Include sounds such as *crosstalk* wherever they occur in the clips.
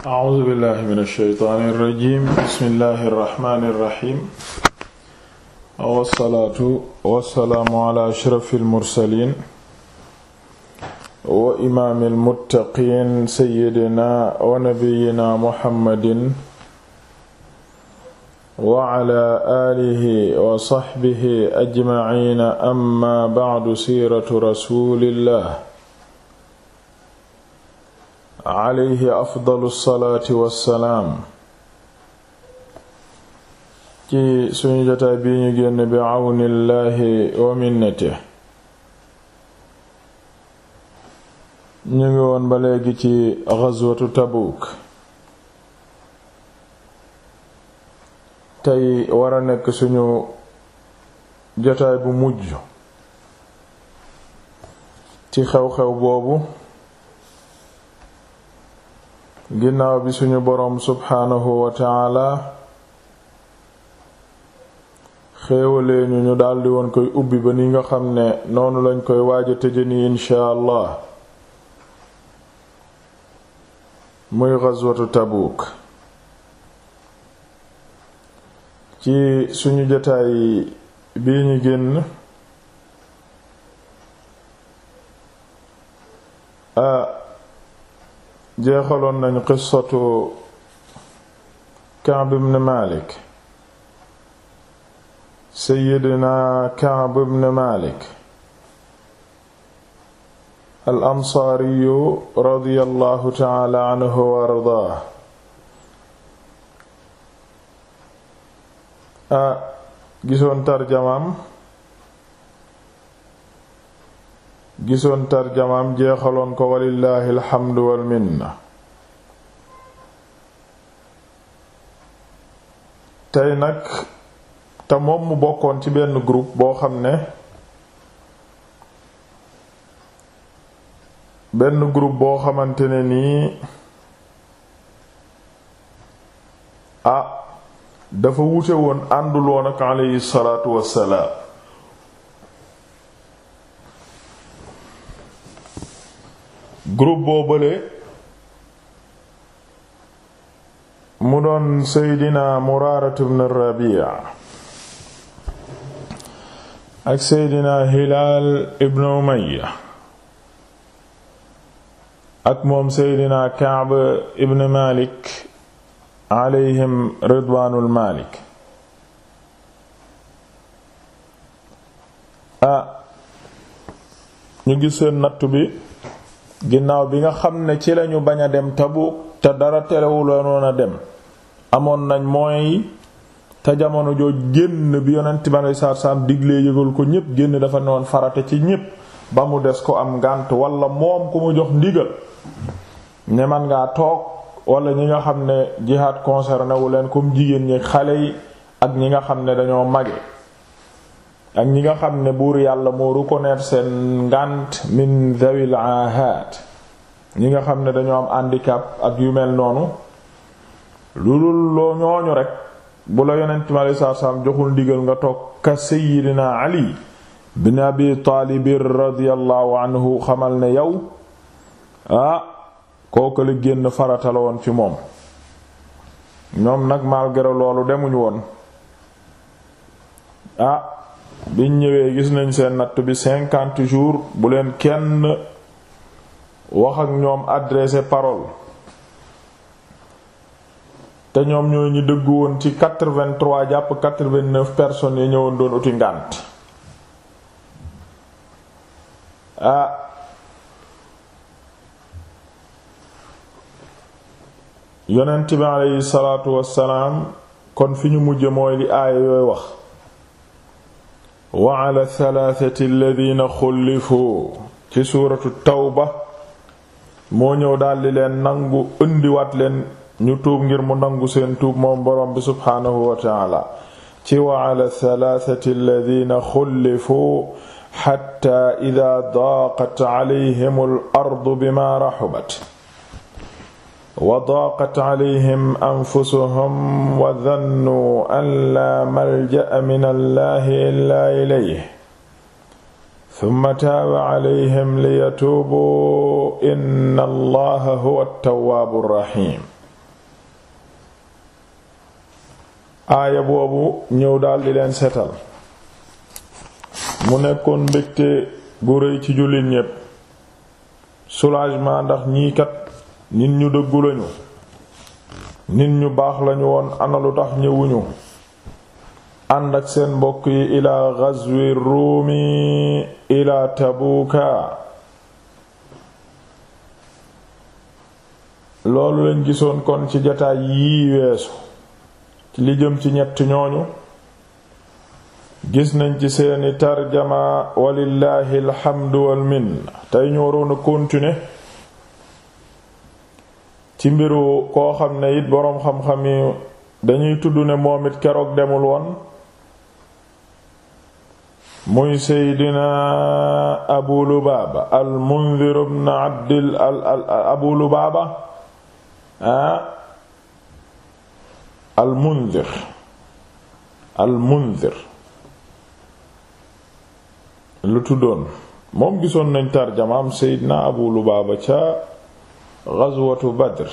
A'uuzu billaahi mina shaytaani rajiim bismillaahi rahmaani rahiim wa salaatu wa salaamu alaa ashrafil mursaliin wa imaamil muttaqiin sayyidinaa wa nabiyyinaa Muhammadin wa alaa aalihi wa sahbihi ajmaciina ammaa ba'du siiratu rasuulillaah alayhi afdalu salaati wassalaam ci suñu jotaay bii ñu génn bi àwnillaahi wa minnati ñu ngi woon ba léegi ci ghazwatu Tabuuk tey war a nekk suñu jotaay bu mujj ci xew-xew boobu ginnaaw bi suñu boroom subxaanahu wa xéewalee ñu ñu daldi woon koy ubbi ba ni nga xam ne noonu lañ koy waaja tëje ni inshaa allah muy gazwatu tabuuk ci suñu jotaay bii ñu génn ah, jeexaloon nañ qissatu Kaab ibn Malik Seyyidina Kaab ibn Malik al ansaariyu radiyallahu ta'ala anhu wa ardaahu a ah, gisoon tarjamaam gisoon tarjamaam jeexaloon ko walillaahi alxamdu wal minna tey nag te moom mu bokkoon ci benn groupe boo xam ne benn groupe boo xamante ne nii ah dafa wute woon àndul woon ak aleyhi salaatu wassalaam groupe boo bële mu doon seydina muraaratu bnu ak seydina hilaal ibnu umaya ak moom seydina kaab ibnu malik alayhim ridwaanul malik a ah, ñu gis seen bi ginnaaw bi nga xam ne ci lañu bañ a dem Tabuk te dara terewuloon a dem amoon nañ mooy te jamono joo génn bi yonent bi aleyhi salaatu salaam diglee yëgal ko ñépp génn dafa newoon farate ci ñépp ba mu des ko am ngànt wala moom ku mu jox ndigal ne man ngaa toog wala ñi nga xam ne jihaad concerné wu leen comme jigéen ñi xale yi ak ñi nga xam ne dañoo mage ak ñi nga xam ne buur yàlla moo reconnaître seen ngànt min zawil ahad ñi nga xam ne dañoo am handicap ak yu mel noonu lu dul loo ñooñu rek bu la yonent mi aleyhi salaatu joxul ndigal nga toog ka seydina ali bin abi taalib radiyallahu anhu xamal ne yow ah kooku la génn farata woon ci moom ñoom nag malgré loolu demuñu woon ah biñ ñëwee gis nañ seen natt bi cinquante jours bu leen kenn wax ak ñoom adressé parole te ñoom ñooy ñi dëggu woon ci quatre jàpp quatre-vingt-neuf yi ñëwoon doon uti ngànt ah yonent bi aleyhi salaatu wassalaam kon fi ñu mujje mooy li aaya yooy wax wa ala thalathati alladhina xullifu ci suuratu tawba moo ñëw daldi leen nangu indiwaat leen ñu tuub ngir mu nangu seen tuub moom borom bi subhaanahu wa taala ci wa ala thalathati alladhina xullifu hatta idha daqat alayhim al ardu bima rahubat wa daqat alayhim anfusuhum wa dannuu an laa malja'a min allahi illaa ilayhi summa taaba alayhim liyatuubuu inna allaha huwa attawaabu rahiim aaya boobu ñëw daal di leen setal mu nekkoon mbégte gu rëy ci jullit ñépp soulagement ndax ñii kat nit ñu dëggu lañu nit ñu baax lañu woon ana lu tax ñëwuñu ànd ak seen mbokk yi ilaa ghazwi ruumi ilaa tabuuka loolu lañ gisoon kon ci jataay yii weesu ci li jëm ci ñett ñooñu gis nañ ci seeni tarjama walillaahi alxamdu walmin tey ñu waroon a continuer ci mbiru koo xam ne it boroom xam-xam yi dañuy tudd ne moom it keroog demul woon muy seydina abu lubaaba al mundir al ah, mundir lu tuddoon moom gisoon nañ tarjamaam seydina abu lubaaba ca gazwatu badr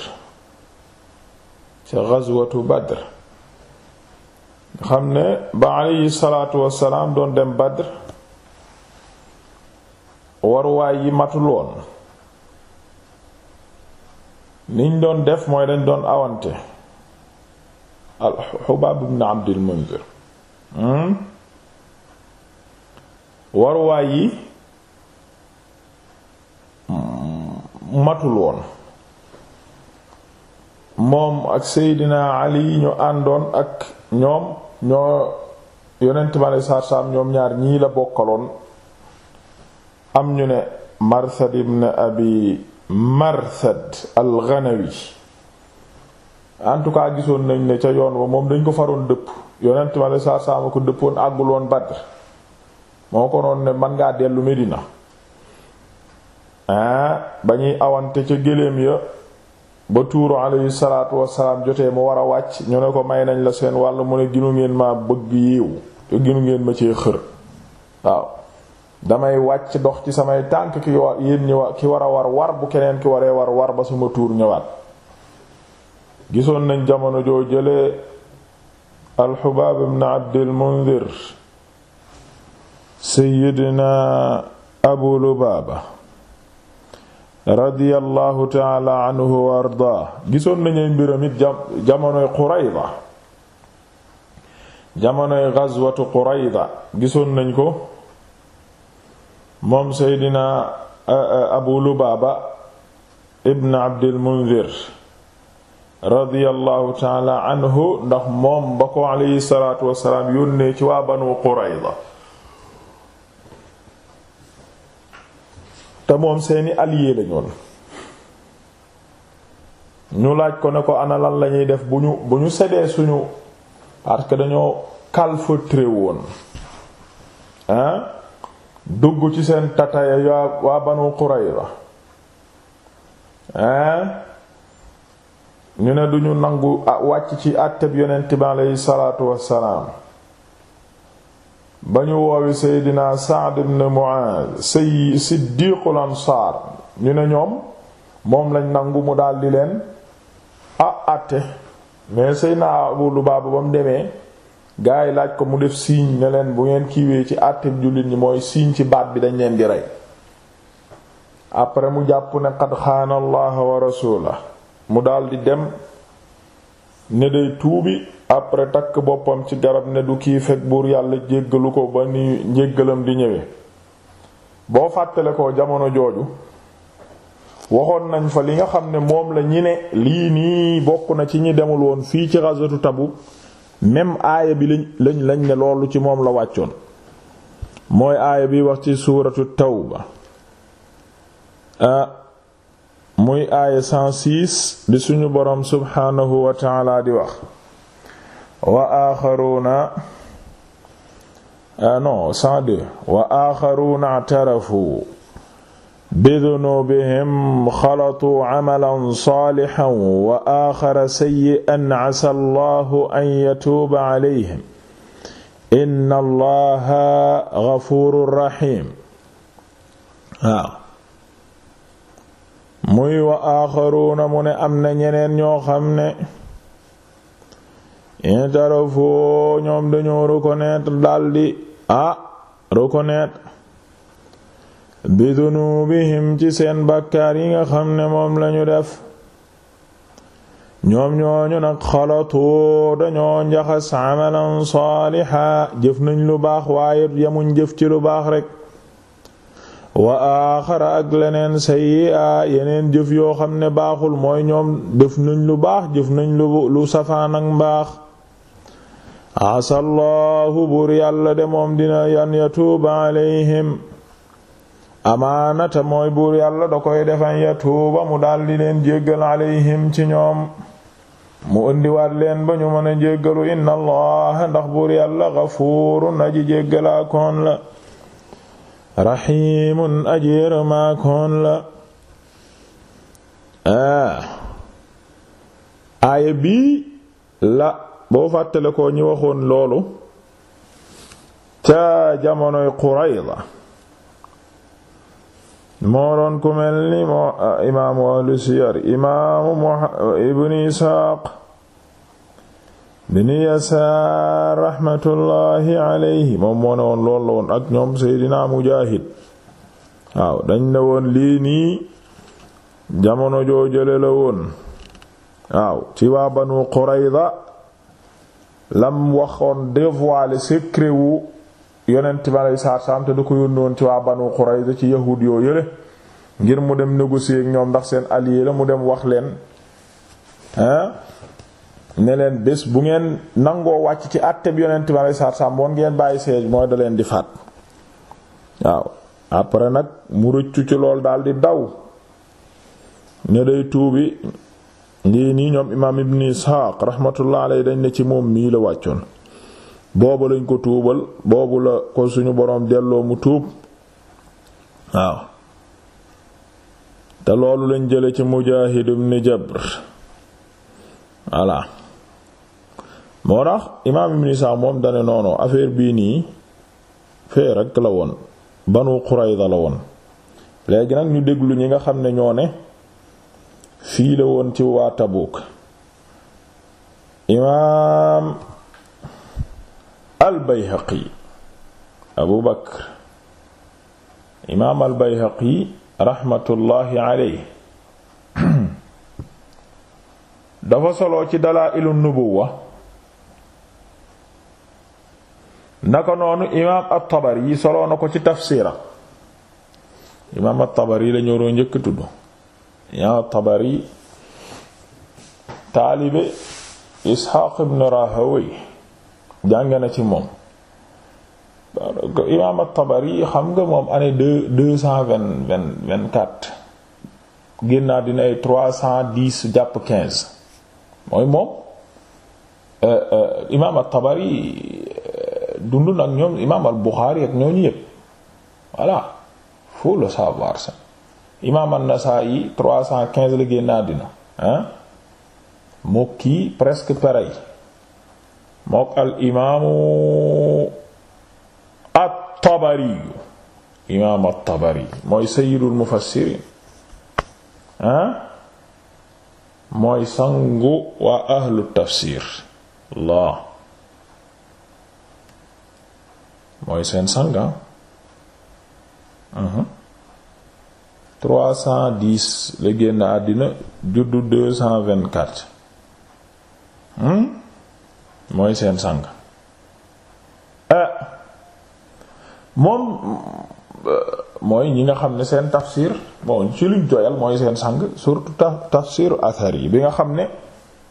ca gazwatu badr nga xam ne ba aleyhi salaatu salaam doon dem badr waruwaay yi matuloon niñ doon def mooy dañ doon awante al xubaab ibn abdil munzir hmm? waruwaay yi matuloon moom ak Seydina Ali ñu àndoon ak ñoom ñoo yonent bi aleyhi salaatu ñoom ñaar ñii la bokkaloon am ñu ne Marsad ibn Abi Marsad al-Ghanawi en tout cas gisoon nañ ne ca yoon wa moom dañ ko faroon dëpp yonent bi aleyhi salaatu salaam ko dëppoon àggul woon Badr moo ko noon ne man ngaa dellu Medina ah ba ñuy awante ca gëléem ya ba tuuru alayhi salaatu wasalaam jotee mu war a wàcc ñu ne ko may nañ la seen wàll mu ne ginu ngeen ma bëgg yiw te ginu ngeen ma ci xër waaw damay wàcc dox ci samay tànk ki war yéen ki war a war war bu keneen ki waree war war ba suma tuur ñëwaat gisoon nañ jamono joo jële alxubaab ibn abdil mundir sayyidina abu lubaaba radiyallahu taala anhu wa ardaa gisoon nañuy mbiram it jamonoy Qurayda jamonoy gazwatu Qurayda gisoon nañ ko moom seydina Abu Lubaaba ibn Abdil Munzir radiyallahu ba ko alayhi salaatu ci waa Banu Qurayda te moom seeni allié lañoon ñu laaj ko ne ko ana lan lañuy def bu ñu bu ñu séddee suñu parce que dañoo calfeutré woon hein dugg ci seen tataya yaa waa Banu Qurayza hein ñu ne duñu nangu ah, wàcc ci àtteb yonent bi aleyhi salaatu wassalaam ba ñu woowi seydina Sa'd ibn Mu'adh sayi siddiqul ansaar ñu ne ñoom moom lañ nangu mu daldi leen ah àtte mais seydina Abu Lubaaba ba mu demee gaa yi laaj ko mu def siiñ ne leen bu ngeen kiiwee ci àtte jullit ñi mooy siiñ ci baat bi dañ leen di rey après mu jàpp ne qad xaana Allah wa rasuula mu daldi dem ne day tuubi après takk boppam ci garab ne du kii fekk buur yàlla jéggalu ko ba ni njéggalam di ñëwee boo fàttale ko jamono jooju waxoon nañ fa li nga xam ne moom la ñi ne lii nii bokk na ci ñi demul woon fii ci ghazwatu tabu même aaya bi lañ lañ lañ ne loolu ci moom la wàccoon mooy aaya bi wax ci suuratu Tawba ah muy aaya 106 bi suñu boroom subhaanahu wa ta'ala di wax wa axaruna ah, non 102 wa axaruna i'tarafu bidunubihim xalatuu camalan saalixan wa axara sayyi'an asaa allahu an yatuuba calayhim inna allaha gafuurun raxiim waaw muy wa axaruna mu ne am na ñeneen ñoo xam ne intarafoo ñoom dañoo reconnaître daldi ah reconnaître bi dunubihim ci seen bàkkaar yi nga xam ne moom lañu def ñoom ñooñu nag xalatoo dañoo njaxas amalan saaliha jëf nañ lu baax waaye yamuñ jëf ci lu baax rek wa aaxara ak leneen sayyi'a yeneen jëf yoo xam ne baaxul mooy ñoom jëf nañ lu baax jëf nañ lu lu safaan ak mbaax asallahu buur yàlla de moom dina yan yatuuba alayhim amaanata mooy buur yàlla da koy defan yatuuba mu daldi leen jéggal alayhim ci ñoom mu indiwaat leen ba ñu mën a jéggalu inna allaha ndax buur yàlla gafuurun aji jéggalaa koon la raxiimun aji yërëmaa koon la aaya bii la boo fàttale ko ñi waxoon loolu ca jamonoy Qurayza moo doon ku mel ni moo imaamu ahlu siyar imaamu ibnu Isaaq bini Yasaar raxmatullaahi alayhi moom moo ne loolu la ak ñoom Seydina Mujaahid waaw dañ ne woon lii nii jamono joo jële la woon waaw ci waa Banu Qurayza lam waxoon dévoiler secret wu yonent bi aleyhi salaatu salaam te da ko yónnoon ci waa Banu Qurayza ci yahuud yoo yële ngir mu dem négocier ak ñoom ndax seen allié la mu dem wax leen ne leen bés bu ngeen nangoo wàcc ci àtte bi yonent bi aleyhi salaatu salaam woon ngeen bàyyi siège mooy da leen di faat waaw après nag mu rëccu ci lool daal di daw ne day tuubi lii nii ñoom imaam ibn isxaaq rahmatullah alayhi dañ ne ci moom mii la wàccoon boobu lañ ko tuubal boobu la ko suñu boroom delloo mu tuub waaw te loolu lañ jële ci mujaahid ibn jabr voilà moo tax imaam ibn isxaaq moom dane noonu affaire bii nii fee rekk la woon banu qurayza la woon léegi nag ñu déglu ñi nga xam ne ñoo ne fii la woon ci waa Tabuuk imaam al-Bayhaqi Abu Bakr imaam al-Bayhaqi raxmatullaahi alayhi dafa solo ci Dalaa'ilu Nubuwwa naka noonu imaam at-Tabari solo na ko ci tafsiira imaam at-Tabari lañu waroo njëkk tudd yaa tabari taalibe isxaaq ibn rahawey jàng na ci moom imaam at-Tabari xam nga moom année deux deux cent génnaa dina ay trois jàpp quinze mooy moom euh, euh, imaam at-Tabari euh, dund nag ñoom imaam al-Bukhari ak ñooñu yëpp voilà faut le savoir ça imaam an-Nasaa'i trois cent quinze la génn àddina ah moo kii presque pareil mook al imaamu at-Tabari imaam at-Tabari mooy sayyidul mufassirin ah mooy sangu waa ahlu tafsir Allah mooy seen sanga trois cent dix la génn àddina juddu deux cent vingt quatre hmm? mooy seen sang ah moom euh, mooy ñi nga xam ne seen tafsir bon ci luñ joyal mooy seen sang surtout tafsiru athar yi bi nga xam ne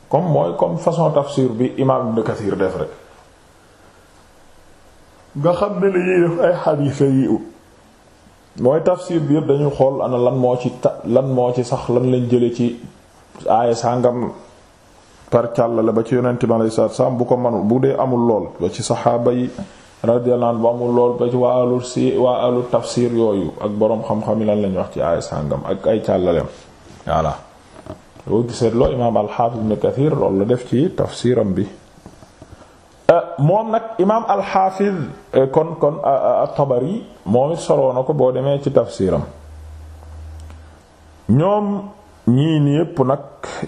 comme mooy comme façon tafsir bi imam Ibn Kathir def rek nga xam ne lañuy def ay xadiis yi mooy tafsir bi yëpp dañuy xool ana lan moo ci ta lan moo ci sax lan lañ jële ci aaya sàngam par càllale ba ci yonente bi alei satu bu ko manul bu dee amul lool ba ci saxaaba yi radiyallahu anhu bu amul lool ba ci waa alul si waa alul tafsir yooyu ak boroom xam-xam yi lan lañ wax ci aaya sàngam ak ay càllaleem voilà loo gisee loo imaam al-Hafiz ibn Kathir loolu la def ci tafsiram bi moom nag imaam alxaafiz eh, kon kon at-Tabari moom it soloo ko boo demee ci tafsiram ñoom ñii ni yépp nag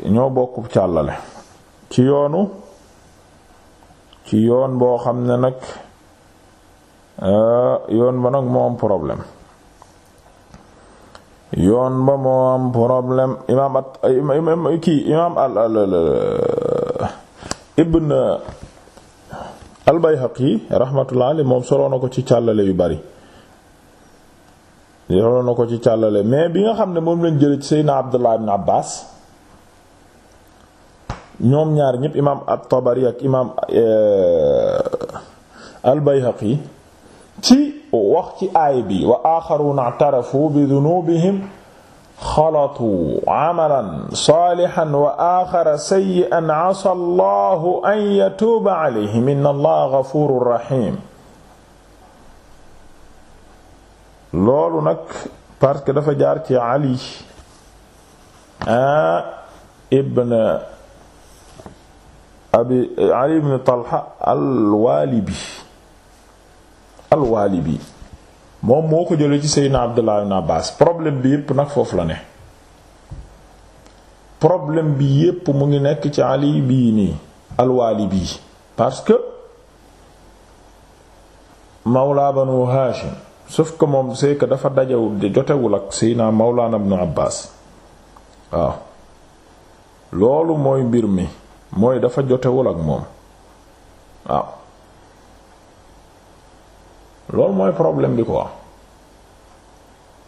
ñoo bokk càllale ci yoonu ci yoon boo xam ne nag eh, yoon ba nag moo problème yoon ba moo am problème imaam at kii imaam al ibn al-Bayhaqi rahmatullah moom soloo na ko ci càllale yu bari soloo na ko ci càllale mais bi nga xam ne moom lañ jële ci Seydina Abdullah ibn Abbas ñoom ñaar ñëpp imaam at-Tabari ak imaam e, al-Bayhaqi ci wax ci aay bi wa axaruna i'tarafu bi dunubihim xalatu amalan salihan wa axara sayyi'an asa allahu an yatuuba alayhim inna allaha gafuurun rahim loolu nag parce que dafa jaar ci ali a ah, ibn abi ali ibn talha alwaalibi alwaalibi moom moo ko jëlee ci seyna Abdullah ibn Abbas problème bi yépp nag foofu la ne problème bi yépp mu ngi nekk ci Ali bii nii alwaali bii parce que Mawla Banu Hashim sëf ko moom c'est que dafa dajewul jotewul ak Seydina Mawlana ibn Abbas waaw loolu mooy mbir mi mooy dafa jotewul ak moom waaw loolu mooy problème bi quoi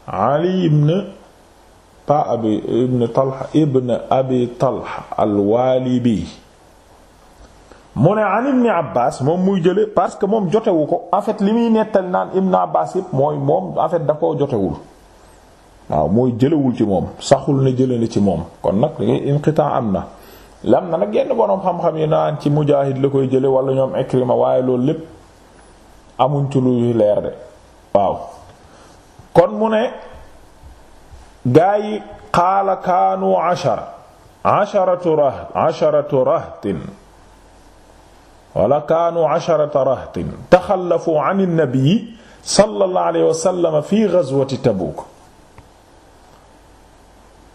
ali ibn pa abi ibn talha ibn abi talha alwaalibi mu ne an ibn abbas moom muy jële parce que moom jotewu ko en fait li muy nettali naan ibn abbas yëpp mooy moom en fait da jotewul waaw mooy jëlewul ci moom saxul ne jële na ci moom kon nag inqitaa am na lam na nag yenn boroom xam-xam yi naan ci mujaahid la koy jële wala ñoom ikrima waaye loolu lépp amuñ ci luy leer de waaw kon mu ne gaa yi qaala kaanu ashara asharatu rahtin asharatu rahtin wala kaanu asharata rahtin taxallafu an an-nabi sallallahu alayhi wa sallam fi ghazwati Tabuk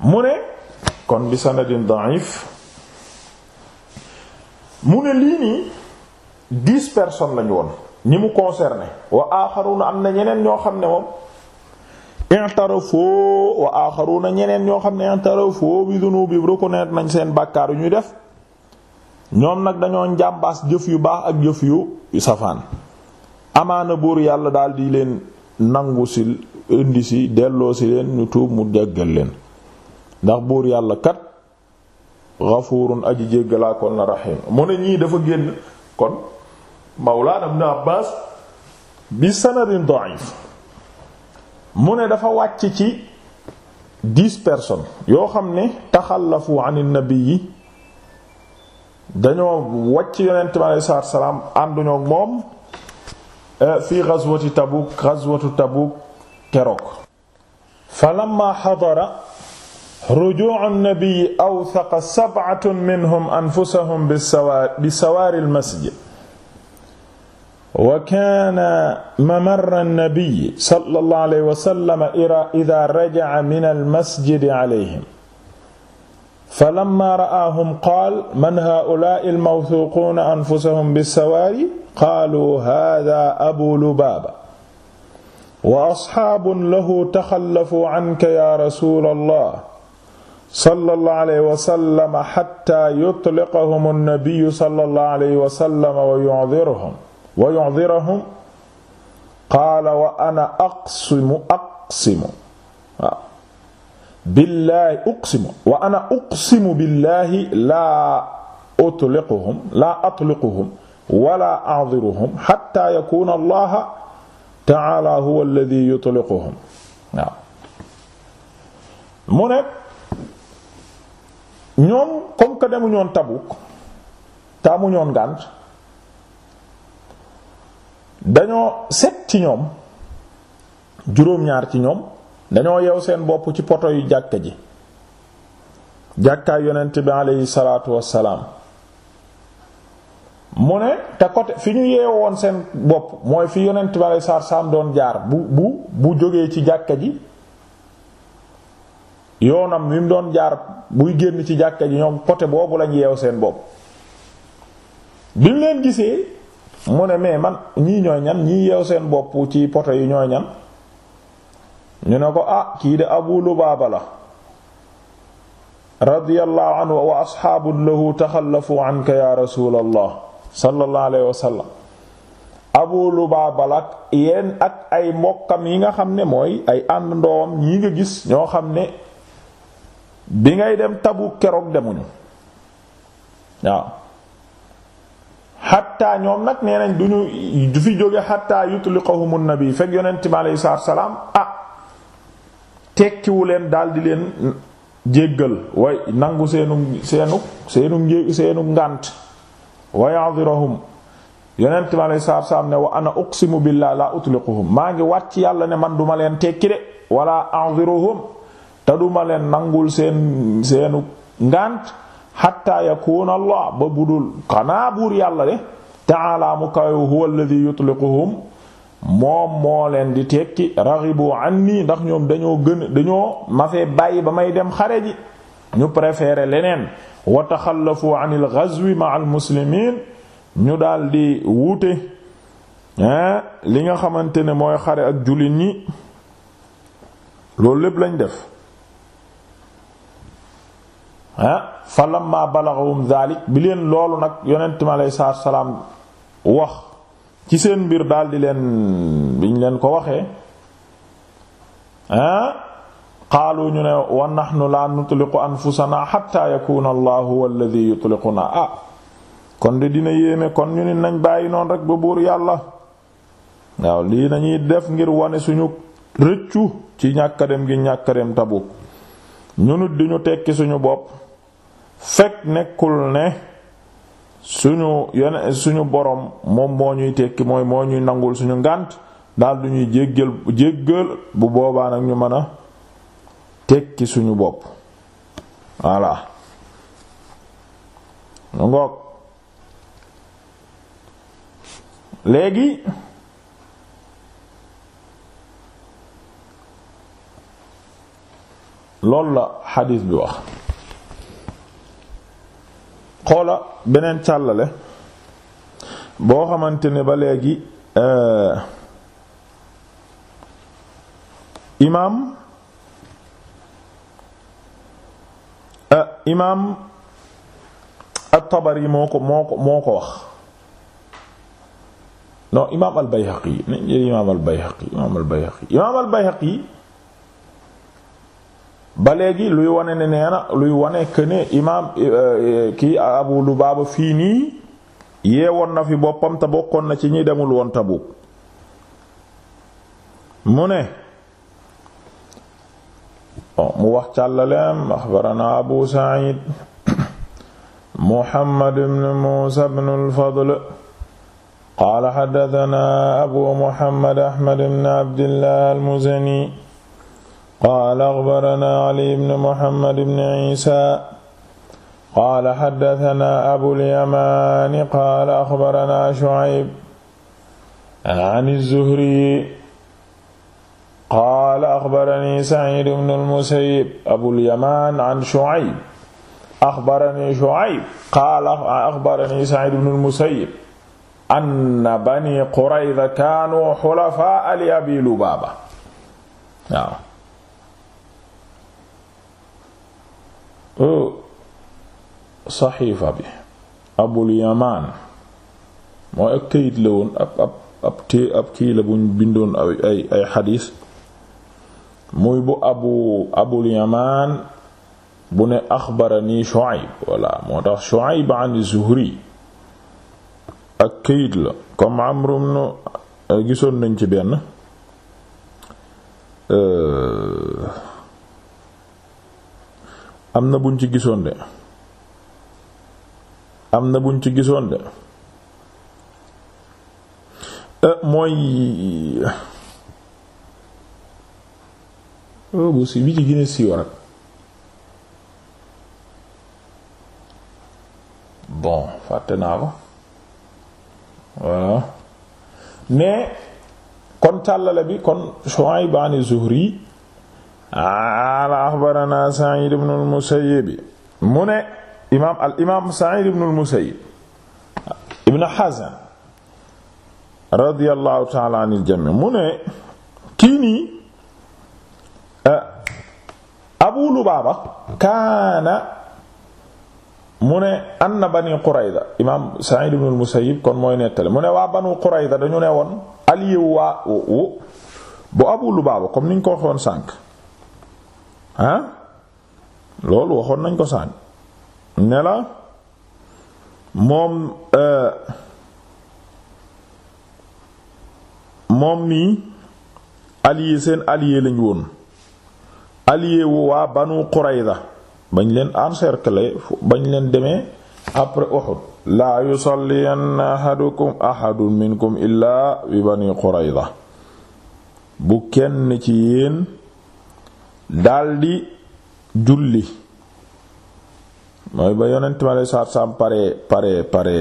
mu ne kon bi sanadin da'if mu ne lii nii dix personnes lañu woon ñi mu concerné wa aaxaruna am na ñeneen ñoo xam ne moom i'tarafu wa aaxaruna ñeneen ñoo xam ne i'tarafu bi dunubi reconnaître nañ seen bàkkaar yu ñuy def ñoom nag dañoo njàmbaas jëf yu baax ak jëf yu safaan amaana buur yàlla daal di leen nangu si indi si delloo si leen ñu tuub mu jéggal leen ndax buur yàlla kat ghafurun aji jéggalaakoon na rahim mu ne ñii dafa génn kon mawlaana ibn Abbaas bi sanadin da'if mu ne dafa wàcc ci dix personnes yoo xam ne taxallafu an nabi dañoo wàcc yonent bi alayhi salaatu salaam ànduñoo moom eh, fii ghazwati Tabuk ghazwatu Tabuk keroog falamma hadara rujuu an-nabi awthaqa sab'atun minhum anfusahum bisawaari al-masjid wa kaana mamarra nabi sallallahu alayhi wa sallam idaa raja'a min al-masjidi alayhim falammaa ra'aahum qaala man haa'ulaa'i al-mawthuuquuna anfusahum bis-sawaari qaaluu haadhaa abuu lubaaba wa asxaabun lahu taxallafuu canka yaa rasuulallah sallallahu alayhi wa sallam hattaa yutliqahum an-nabiyyu sallallahu alayhi wa sallam wa yu'dhiruhum wa yu'dhirahum qaala wa ana aqsimu aqsimu waaw billaahi uqsimu wa ana uqsimu billaahi laa utliquhum laa atliquhum wala a'dhiruhum hatta yakuna allah ta'ala huwa alladhi yutliquhum waaw mu ne ñoom comme que demu ñoon Tabuk taamu ñoon gànt dañoo set ci ñoom juróom-ñaar ci ñoom dañoo yeew seen bopp ci poto yu jàkka ji jàkkaay yonent bi aleyhi salaatu wassalaam mu ne te côté fi ñu yeewoon seen bopp mooy fi yonent bi aleyhi salaatu wassalaam doon jaar bu bu bu jógee ci jàkka ji yoonam wi mu doon jaar buy génn ci jàkka ji ñoom côté boobu lañ yeew seen bopp bi mu leen gisee mu ne mais man ñii ñooy ñan ñii yeew seen bopp ci poto yi ñooy ñan ñu ne ko ah kii de abu lubaaba la radiyallahu anhu wa asxaabun lahu taxallafu anka ya rasuulallah sallallahu alayhi wa sallam abu la ak yéen ak ay mbokkam yi nga xam ne mooy ay ànd ndoom ñii nga gis ñoo xam ne bi ngay dem tabu keroog demuñu waaw xatta ñoom nag nee nañ du ñu du fi jóge xatta yutliqahumu nabi fekk yonent bi aleyhi salaatu salaam ah tekkiwu leen daal di leen jéggal way nangu seenu seenu seenu seenu ngànt wa ya'dhiruhum yonent bi aleyhi salaatu salaam ne wa ana uqsimu billahi la utliquhum maa ngi wat ci yàlla ne man duma leen tekki de wala a'dhiruhum te duma leen nangul seen ngant hatta yakuna allah ba budul xanaa buur yàlla de ta'ala mu kawe huwa alladhi yutliquhum moom moo leen di tekki raghibu anni ndax ñoom dañoo gën dañoo ma fee bàyyi ba may dem xare ji ñu préféré leneen wa taxallafu anil ghazwi ma'al ñu daal di wuute li nga xamante ne mooy xare ak jullit ñi loolu lépp lañ def ah fa lamma balaghum dhalik bi leen loolu nag yonent mi aleyhi salaam wax ci seen mbir daal di leen biñ leen ko waxee ah qaalu ñu ne wa nahnu la nutliqu anfusana hatta yakuna allahu alladhi yutliquna ah kon de dina yéeme kon ñu ni nañ bàyyi noon rek ba buur yàlla waaw lii nañuy def ngir wone suñu rëccu ci ñàkk gi ñàkk dem Tabuk ñunut di tekki suñu bopp fekk nekkul ne suñu yene suñu borom moom moo ñuy tekki mooy moo ñuy nangul suñu ngànt daal du ñuy jéggal jéggal bu boobaan nag ñu mën a tekki suñu bopp voilà lu ngoog léegi loolu la xadiis bi wax xoola beneen càllale boo xamante ne ba léegi euh, imaam euh, imaam at-Tabari moo ko moo ko moo ko wax non imaam al-Bayhaqi nañ imaam al-Bayhaqi imaam al-Bayhaqi imaam al-Bayhaqi ba léegi luy wane ne nee luy wane que ne imaam euh, kii Abu Lubaaba fii nii yeewoon na fi boppam te bokkoon na ci ñi demul woon Tabuk mu ne mu wax càllaleem axbarana Abu Sa'id *coughs* Muhammad ibn Muusa ibn al-Fadl xaddatana Abu Muhammad Ahmad ibn Abdillah al-Muzani qaala axbaranaa cali ibn muhammad ibn ciisa qaala xaddatanaa abulyamaani qaala axbaranaa shucayb an zuhri qaala axbaranii saciid ibn almusayib abulyamaan an shucayb axbaranii shucayb qaala axbaranii saciid ibn almusayib anna banii qurayza kaanuu xulafaa li abi lubaaba waaw saxiifa bi abul yamaan mooy ak këyit la woon ab ab ab té ab kii la buñ bindoon ay ay xadiis muy bu abu abul yamaan bu ne axbarani Shuayb walla moo tax Shuayb an Zuhri ak këyit la comme Amr ibn gisoon nañ ci benn euh, am na buñ ci gisoon de am na buñ ci gisoon de euh, mooy euh, bi ci gën a rek bon fàtte naa ko voilà mais kon tàllale bi kon Shuayb ibn Zuhri ala axbarana Saciid ibn al-Musayyib mu ne imaam al imaam Saciid ibn al-Musayyib ibn Hazn radiyallahu ta'ala anil jami mu ne kii nii Abu Lubaaba kaana mu ne anna Bani Qurayda imaam Saciid ibn al-Musayyib kon mooy nettale mu ne waa Banu Qurayda dañu ne woon aliyewu waa bu Abu Lubaaba comme niñ ko waxoon sànq ah loolu waxoon nañ ko sànni ne la moom euh, moom mii allié seen allié lañ woon allié wu waa Banu Qurayza bañ leen encercler bañ leen demee après Uhud laa yusalliyanna ahadukum ahadun minkum illaa bi Bani Qurayza bu kenn ci yeen daldi julli mooy ba yonent ma lay saar saam pare pare pare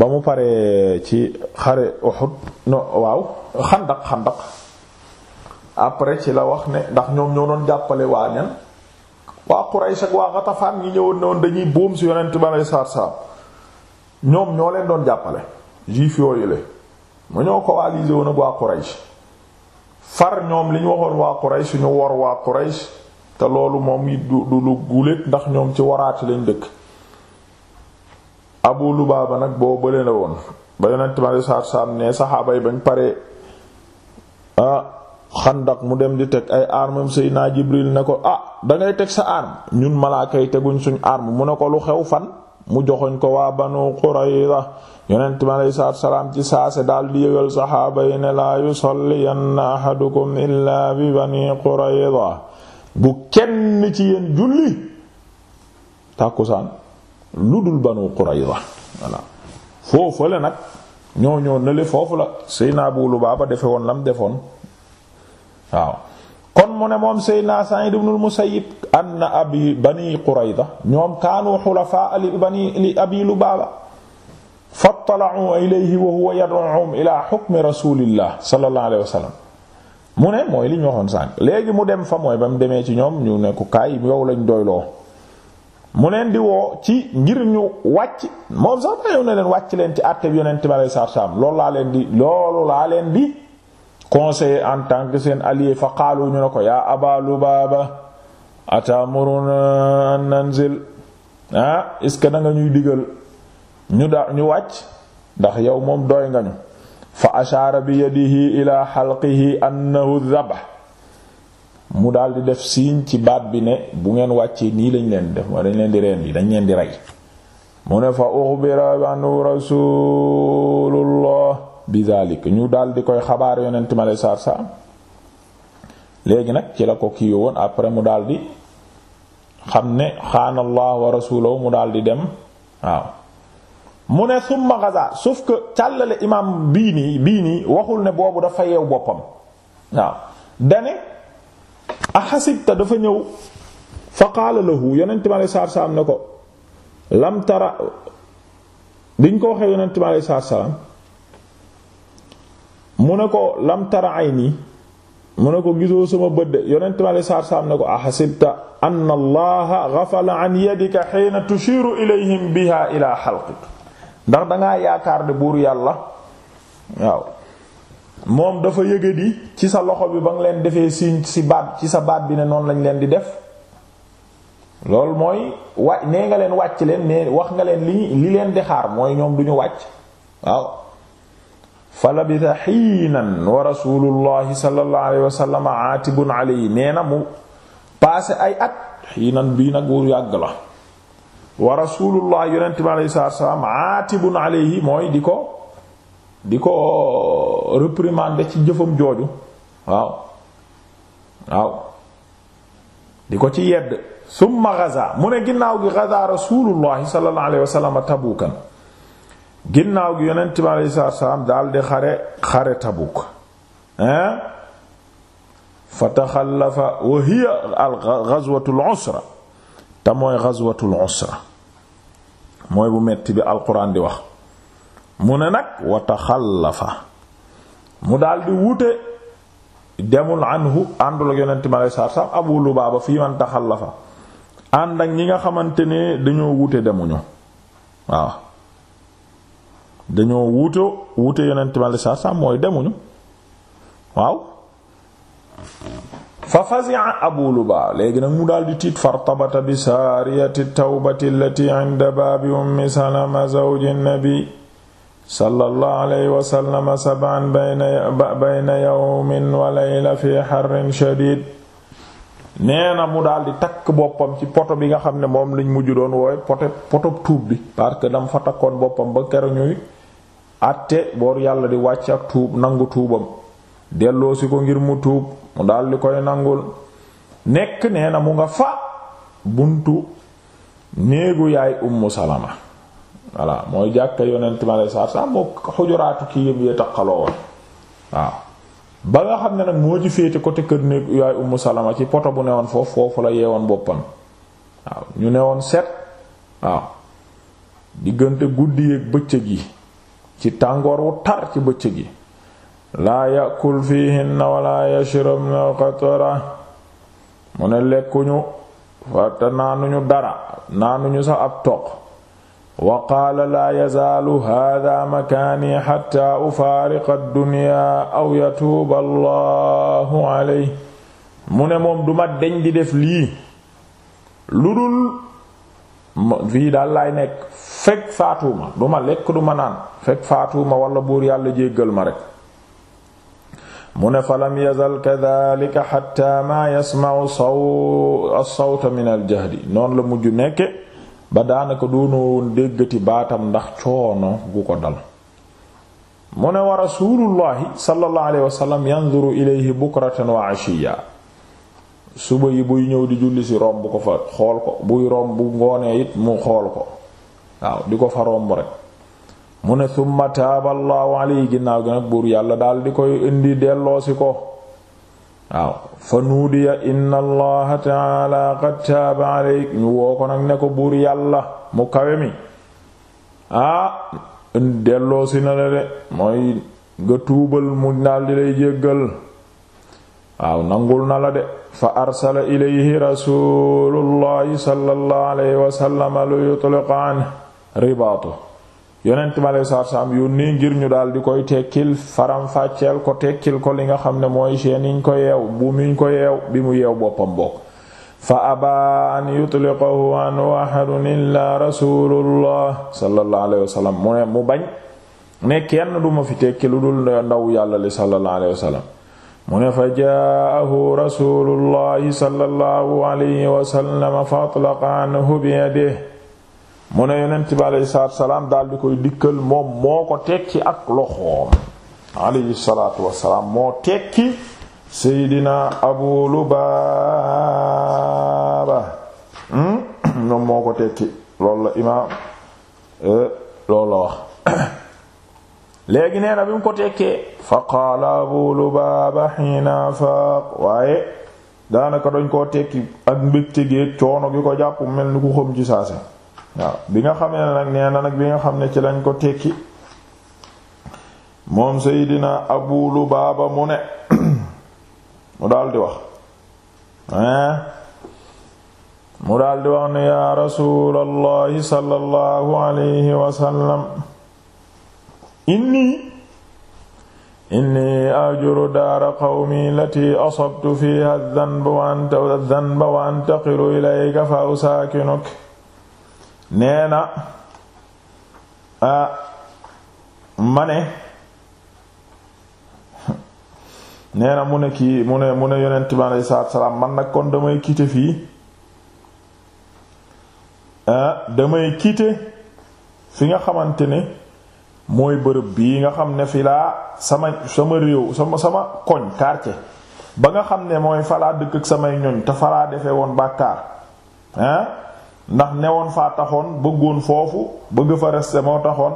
ba mu paree ci xare Uhud no waaw xandak xandak après ci la wax ne ndax ñoom ñoo doon jàppale waa ñan waa Quraysh ak waa Ghatafan ñi ñëwoon ne woon dañuy boom si yonent ma lay saar ñoom ñoo leen doon jàppale juif yooyu le mu ñoo coalisé woon ak waa Quraysh far ñoom li ñu waxoon waa Quraysh ñu wor waa Quraysh te loolu moom it du du lu guléet ndax ñoom ci waraati lañ dëkk Abu lu Lubaaba nag boo bële la woon ba yonent ma de ne saxaaba yi bañ paree ah xandak mu dem di teg ay armam naa Jibril ne ko ah dangay teg sa arme ñun malaaka yi teguñ suñ arme mu ne ko lu xew fan mu joxoñ ko waa Banu Qurayza yonent bi alayhi salaatu salaam ci saase daal di yëgal saxaaba yi ne laa yusalliyanna ahadukum illaa bi bani qurayda bu kenn ci yéen julli tàkkusaan lu dul banu qurayda foofu la nag ñoo ñoo nële foofu la Seydina Abu Lubaaba defe woon lam defoon waaw kon mu ne moom Seydina Sa'id ibn al-Musayyib anna abi bani qurayda ñoom kaanu xulafaa li bani li abi Lubaaba fattala'u ilayhi wa huwa yad'uhum ila hukmi rasulillah sallallahu alayhi wa sallam mu ne mooy li ñu waxoon sànq léegi mu dem fa mooy ba mu demee ci ñoom ñu ne ko kaay yow lañ doyloo mu leen di woo ci ngir ñu wàcc moom sax dayow na leen wàcc leen ci àtte bi yonent bi alayhi salaam loolu laa leen di loolu laa leen di conseiller en tant que seen allié fa qaalu ñu ne ko yaa Aba Lubaaba atamuruna an nanzil ah est-ce que da nga ñuy digal ñu daal ñu wàcc ndax yow moom doy nga ñu fa ashaara bi yadihi ila xalqihi annahu dhaba mu daal di def siiñ ci baat bi ne bu ngeen wàccee nii lañ leen def mooy dañ leen di reen yi dañ leen di rey mu ne fa uxbira banu rasulullah bi dalik ñu daal di koy xabaar yonent ma lay saar saam léegi nag ci la ko kii woon après mu daal di xam ne xaanallah wa rasulahu mu daal di dem waaw mu ne summa gaza sauf que càllale imaam bii nii bii nii waxul ne boobu dafa yeew boppam waaw dane axasibta dafa ñëw fa qaala lahu yonent mi alay salaam ne ko lam tara biñ ko waxee yonent mi alay mu ne ko lam tara nii mu ne ko gisoo sama bët de yonent mi alay salaam ne ko axasibta anna allaha ghafala an yadika hiina tushiru ilayhim biha ila halqik ndax dangaa yaakaar ne buur yàlla waaw moom dafa yëg di ci sa loxo bi ba nga leen defee signe si baat ci sa baat bi ne noonu lañ leen di def loolu mooy wa nee nga leen wàcc leen mais wax nga leen li li leen di xaar mooy ñoom duñu wàcc waaw fa labitha xiinan wa rasulullahi sallallahu alayhi wa sallam aatibun alayhi nee na mu passé ay at xiinan bii nag wu yàgg la wa rasulullah yonent bi alayhi salaam aatibun alayhi mooy di ko di ko réprimander ci jëfam jooju waaw waaw di ko ci yedd summa gaza mu ne ginnaaw gi gaza rasulullahi sallallahu alayhi wa sallam tabuukan ginnaaw gi yonent bi alayhi salaam daal di xare xare tabuk hein fa taxallafa wa hiya al ghazwatul usra te mooy ghazwatul usra mooy bu metti bi alquran di wax mu ne nag la fa mu daldi wute demul anhu àndul ak yonent mi aleyhi salaatu salaam abu lubaaba fii man taxallafa ànd ak ñi nga xamante ne dañoo wute demuñu waaw dañoo wuute wute yonent mi aleyhi salaatu salaam mooy demuñu waaw fa fazi'a abu luba léegi nag mu daal di tiit fartabata bi saariyati tawbati allati inda baabi ummi salama zawji nabi sallallahu alayhi wa sallam sab'an bayna bayna yawmin fi harrin shadid nee na mu daal di takk boppam ci poto bi nga xam ne moom lañ mujj doon wooy poto poto tuub bi parce que dama fa takkoon boppam ba keroog ñuy àtte boor yàlla di wàcc ak tuub nangu tuubam delloosi ko ngir mu tuub mu daldi koy nangul nekk nee na mu nga fa buntu néegu yaay ummu salama voilà mooy jàkka yonent ma lay saa saa moo xujuraatu kii yëpp yee taqaloo woon ba nga xam ne nag moo ci féete côté kër néegu yaay ummu salama ci poto bu newoon foofu foofu la yeewoon boppam waaw ñu newoon set waaw diggante guddi ak bëccëg yi ci tàngoor wu tar ci bëccëg yi laa yakul fiihinna wala yashrabna qatara mu ne lekkuñu fàtte naanuñu dara naanuñu sax ab toq wa qaala laa yazaalu hada makaani xatta ufaariqa duniya aw yatuuba allahu aley mu ne moom duma deñ di def lii lu dul fii daal laay nekk fekk faatuuma duma lekk duma naan fekk faatuuma wala buur yàlla jéggal ma rek mu ne falam yazal kadhalika xatta ma yasma'u saw as min al-jahdi noonu la mujj nekke ba daanaka doona woon déggati baatam ndax coono gu ko dal mu ne wa rasulullahi sallallahu alayhi wa sallam yanzuru ilayhi bukratan wa ashiya suba yi buy ñëw di julli si romb ko fa xool ko buy romb bu ngoonee it mu xool ko waaw di ko fa romb rek mu ne summa taaba allahu alayhi ginnaaw gi nag buur yàlla daal di koy indi delloosi ko waaw fa nuudiya inna allaha taala qad taaba alayk ñu woo ko nag ne ko buur yàlla mu kawe mi ah indi delloosi na de mooy nga tuubal mu daal di lay jéggal nangul na de fa arsala ilayhi rasulullahi sallallahu alayhi wa sallam lu yutliqa an ribaatu yonent bi aleyhi salaatu salaam yónni ngir ñu daal di koy tekkil faram-fàcceel ko tekkil ko li nga xam ne mooy seen yiñ ko yeew bu miñ ko yeew bi mu yeew boppam bokk fa abaa an yutliqahu anhu ahadun illaa rasulullah sallallahu alayhi wa sallam mu ne mu bañ ne kenn du ma fi tekki lu dul ndaw yàlla li sallallahu alayhi wa mu ne fa jaahu rasulullahi sallallahu alayhi wa fa atlaqa anhu bi yadihi mu ne yonent bi aleyhi salaam daal di koy dikkal moom moo ko tekki ak loxoom aleyhi salaatu wasalaam moo tekki seydina abu lubaaba hmm? *coughs* moom moo ko tekki lool la imaam eh, loolu la wax *coughs* léegi nee na bi mu ko tekkee fa qaala abu lubaaba xiina faaq waaye daanaka dañ koo tekki ak mbégte géeg coono gi ko jàpp mel ni ku xam ci waaw bi nga xamee ne nag nee na bi nga xam ne ci lañ ko tekki moom Seydina Abu baaba mu ne *clears throat* mu daldi wax hein mu daldi wax ne yaa rasuulallahi sallallahu alayhi wasallam inni inni ajuru daara qawmi lati asabtu fiha dhanba wa anta dhanba wa antaqilu ilayka fa usaakinuk nee na ma nee na mu ne kii mu ne mu ne yonent bi aleyhi salaam man nag kon damay quitter fii damay quitter fi nga xamante ne mooy bërëb bii nga xam ne fi laa sama sama réew sama sama koñ quartier ba nga xam ne mooy falaa dëkk ak samay ñoñ te falaa defee woon bàkkaar ah ndax newoon faa taxoon bëggoon foofu bëgg fa rester moo taxoon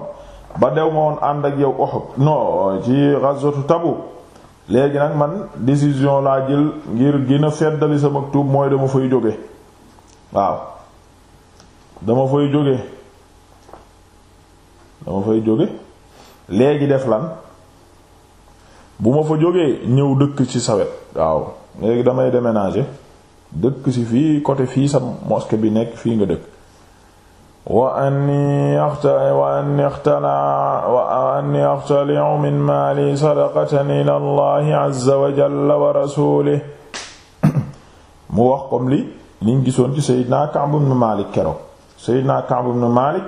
ba dew ma woon ànd ak yow Uhud non ci ghazwatu Tabuk léegi nag man décision laa jël ngir gën a feddali sama tuub mooy dama fay jóge waaw dama fay jóge dama fay jóge léegi def lan bu ma fa jógee ñëw dëkk ci sawet waaw léegi damay déménager dëkk si fii côté fii sa mosquée bi nekk fii nga dëkk wa anni axtali'u min maali sadaqatan ila allahi azza wa jalla wa rasulihi mu wax comme li liñ gisoon ci Seydina Ka'b ibn Malik keroog Seydina Ka'b ibn Malik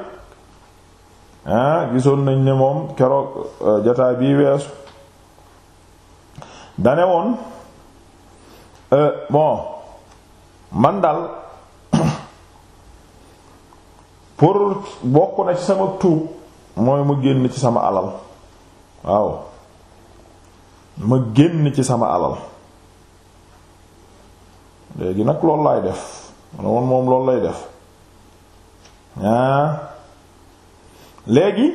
ah gisoon nañ ne moom keroog euh, jataay bii weesu dane woon euh, bon man daal pour bokk na ci sama tuub mooy ma génn ci sama alal waaw ma génn ci sama alal léegi nag loolu laay def man moom loolu lay def ah. léegi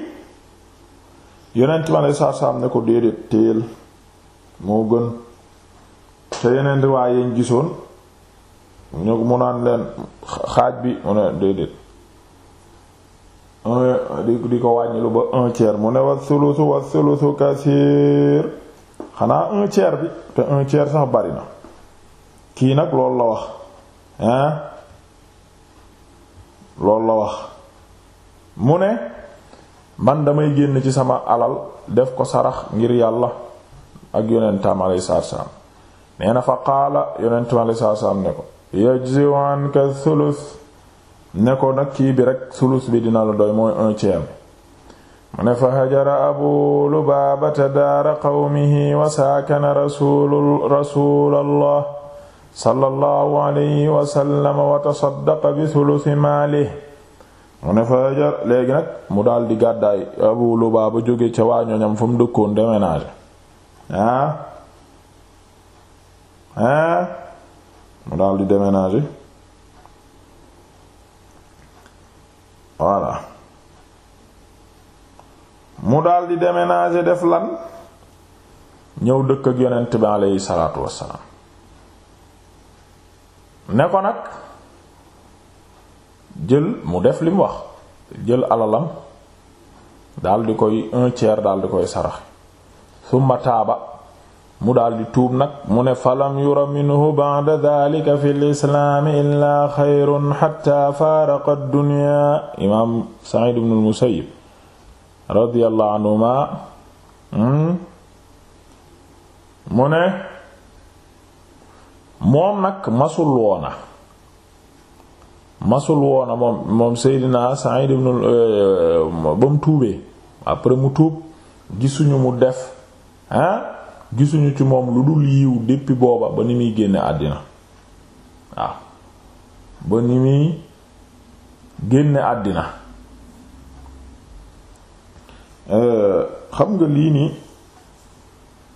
yonent ma ne saar-saam ne ko déedéet téel moo gën te yeneen riwaay yañ gisoon mu ne mu naan leen xaaj bi mu ne déedéet di ko wàññilu ba un tiers mu ne wa sulusu wa sulusu kasiir xanaa un tiers bi te un tiers sax bari kii nag loolu la wax hein loolu la wax mu ne man damay génn ci sama alal def ko sarax ngir yàlla ak yonentaam alayhi salaam nee na fa qaala yonentaam alayhi ne ko yajzi anka sulus ne ko nag kii bi rek sulus bi dina la doy mooy un tiers mu ne fa hajara abu lubaabata daara qawmihi wa saakana rasuul rasuulallah sallallahu alayhi wa sallam wa tasaddaqa bi sulusi maalihi mu ne fa hajar léegi nag mu daldi gàddaay abu lubaaba jóge ca waa fa mu dëkkoon déménage ah ah mu daal di déménager voilà mu daal di def lan ñëw dëkk ak yonent bi aleyhi salaatu wassalaam ne ko nag jël mu def li wax jël alalam daal di koy un tiers daal koy sarax summa taaba mu daldi tuub nag mu ne falam yura minhu ba'da dhalika fi lislaami illaa xayrun xatta faaraqa dunya imaam Sa'id ibn al radiyallahu anhuma hmm, mu ne moom nag masul woona masul woona moom Seydina Sa'id ibn eh, ba mu tuubee après mu tuub gisuñu mu def ah gisuñu ci moom lu dul yiw depuis booba ba ni muy génne àddina waaw ba ni muy génne àddina euh, xam nga lii nii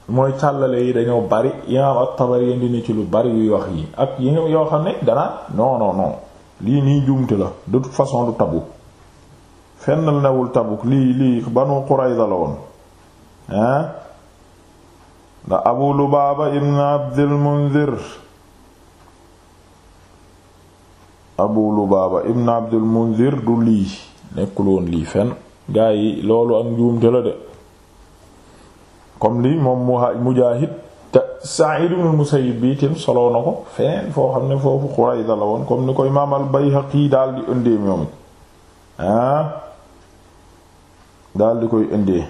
mooy càllale yi dañoo bari imaam at-Tabari indi ni ci lu bari yuy yoo xam ne dana non non non lii nii jumte la de façon du Tabuk fenn la newul Tabuk lii lii Banu Qurayza la woon ah ndax abu lubaaba ibn abdil mundir abu lubaaba ibn abdil mundir du lii nekkul woon lii fenn gaa yi loolu ak njuumte la de comme lii moom mujaahid te sa'id ibn musayyib bi itam soloo na ko feneen xam ne foofu xurayda la woon comme ni ko imaam al bayhaqi daal di indee moom it ah, daal di koy indee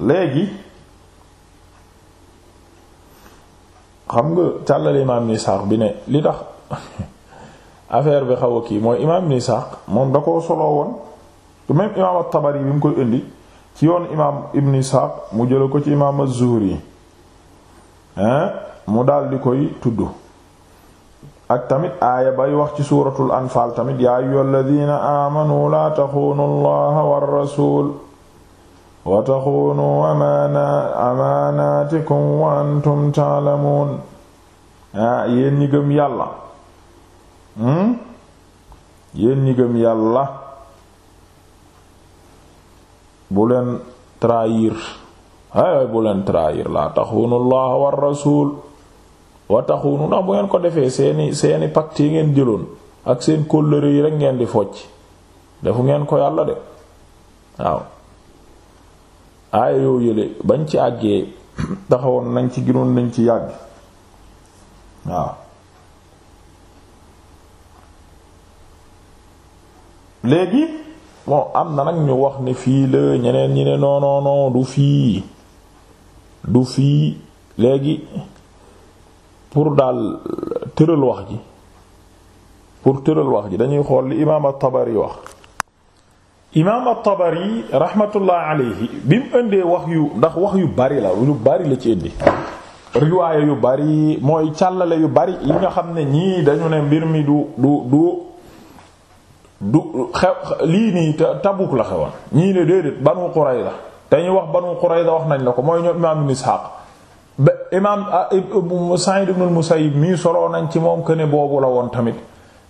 léegi xam nga càllale imaam ibn Isaaq bi ne li tax *laughs* affaire bi xaw kii mooy imaam ibn Isaaq moom da koo soloo woon même imaam at-Tabari bi mu koy indi ci yoon imaam ibn Isaaq mu jëla ko ci imaam az-Zuhri hein mu daal di koy tudd ak tamit aaya bay wax ci suuratu anfaal tamit yaa ayyuhalladhiina aamanu laa taxuunu rasuul wa taxuunu amaanaatikum wa antum taalamuun gëm yàlla hmm? yéen ñi gëm yàlla bu leen trahir ay bu leen trahir laa taxuunu allah war rasuul wa taxuunu ndax bu ngeen ko defee seeni seeni pacte yi ngeen jëloon ak seen kóllëre yi rekk ngeen di focc defu ngeen ko yàlla de waaw aaya yoo yële bañ ci àggee taxawoon nañ ci ginoon nañ ci yàgg waaw léegi bon am na nag ñu wax ne fii la ñeneen ñi ne non du fii du fii léegi pour daal tëral wax ji pour tëral wax ji dañuy xool li imaam at-Tabari wax imaam at-Tabari rahmatullah alayhi bi mu indee wax yu ndax wax yu bari la lu bari la ci indi riwaaya yu bari mooy càllale yu bari yi nga xam ne ñii dañu ne mbir mi du du du du xew lii nii Tabuk la xewoon ñii ne déedéet Banu Qurayza te ñu wax Banu Qurayza wax nañ la ko mooy ñoom imaam ibn Ishaq ba imaam Sa'id ah, ibn al mii soloo nañ ci moom que boobu la woon tamit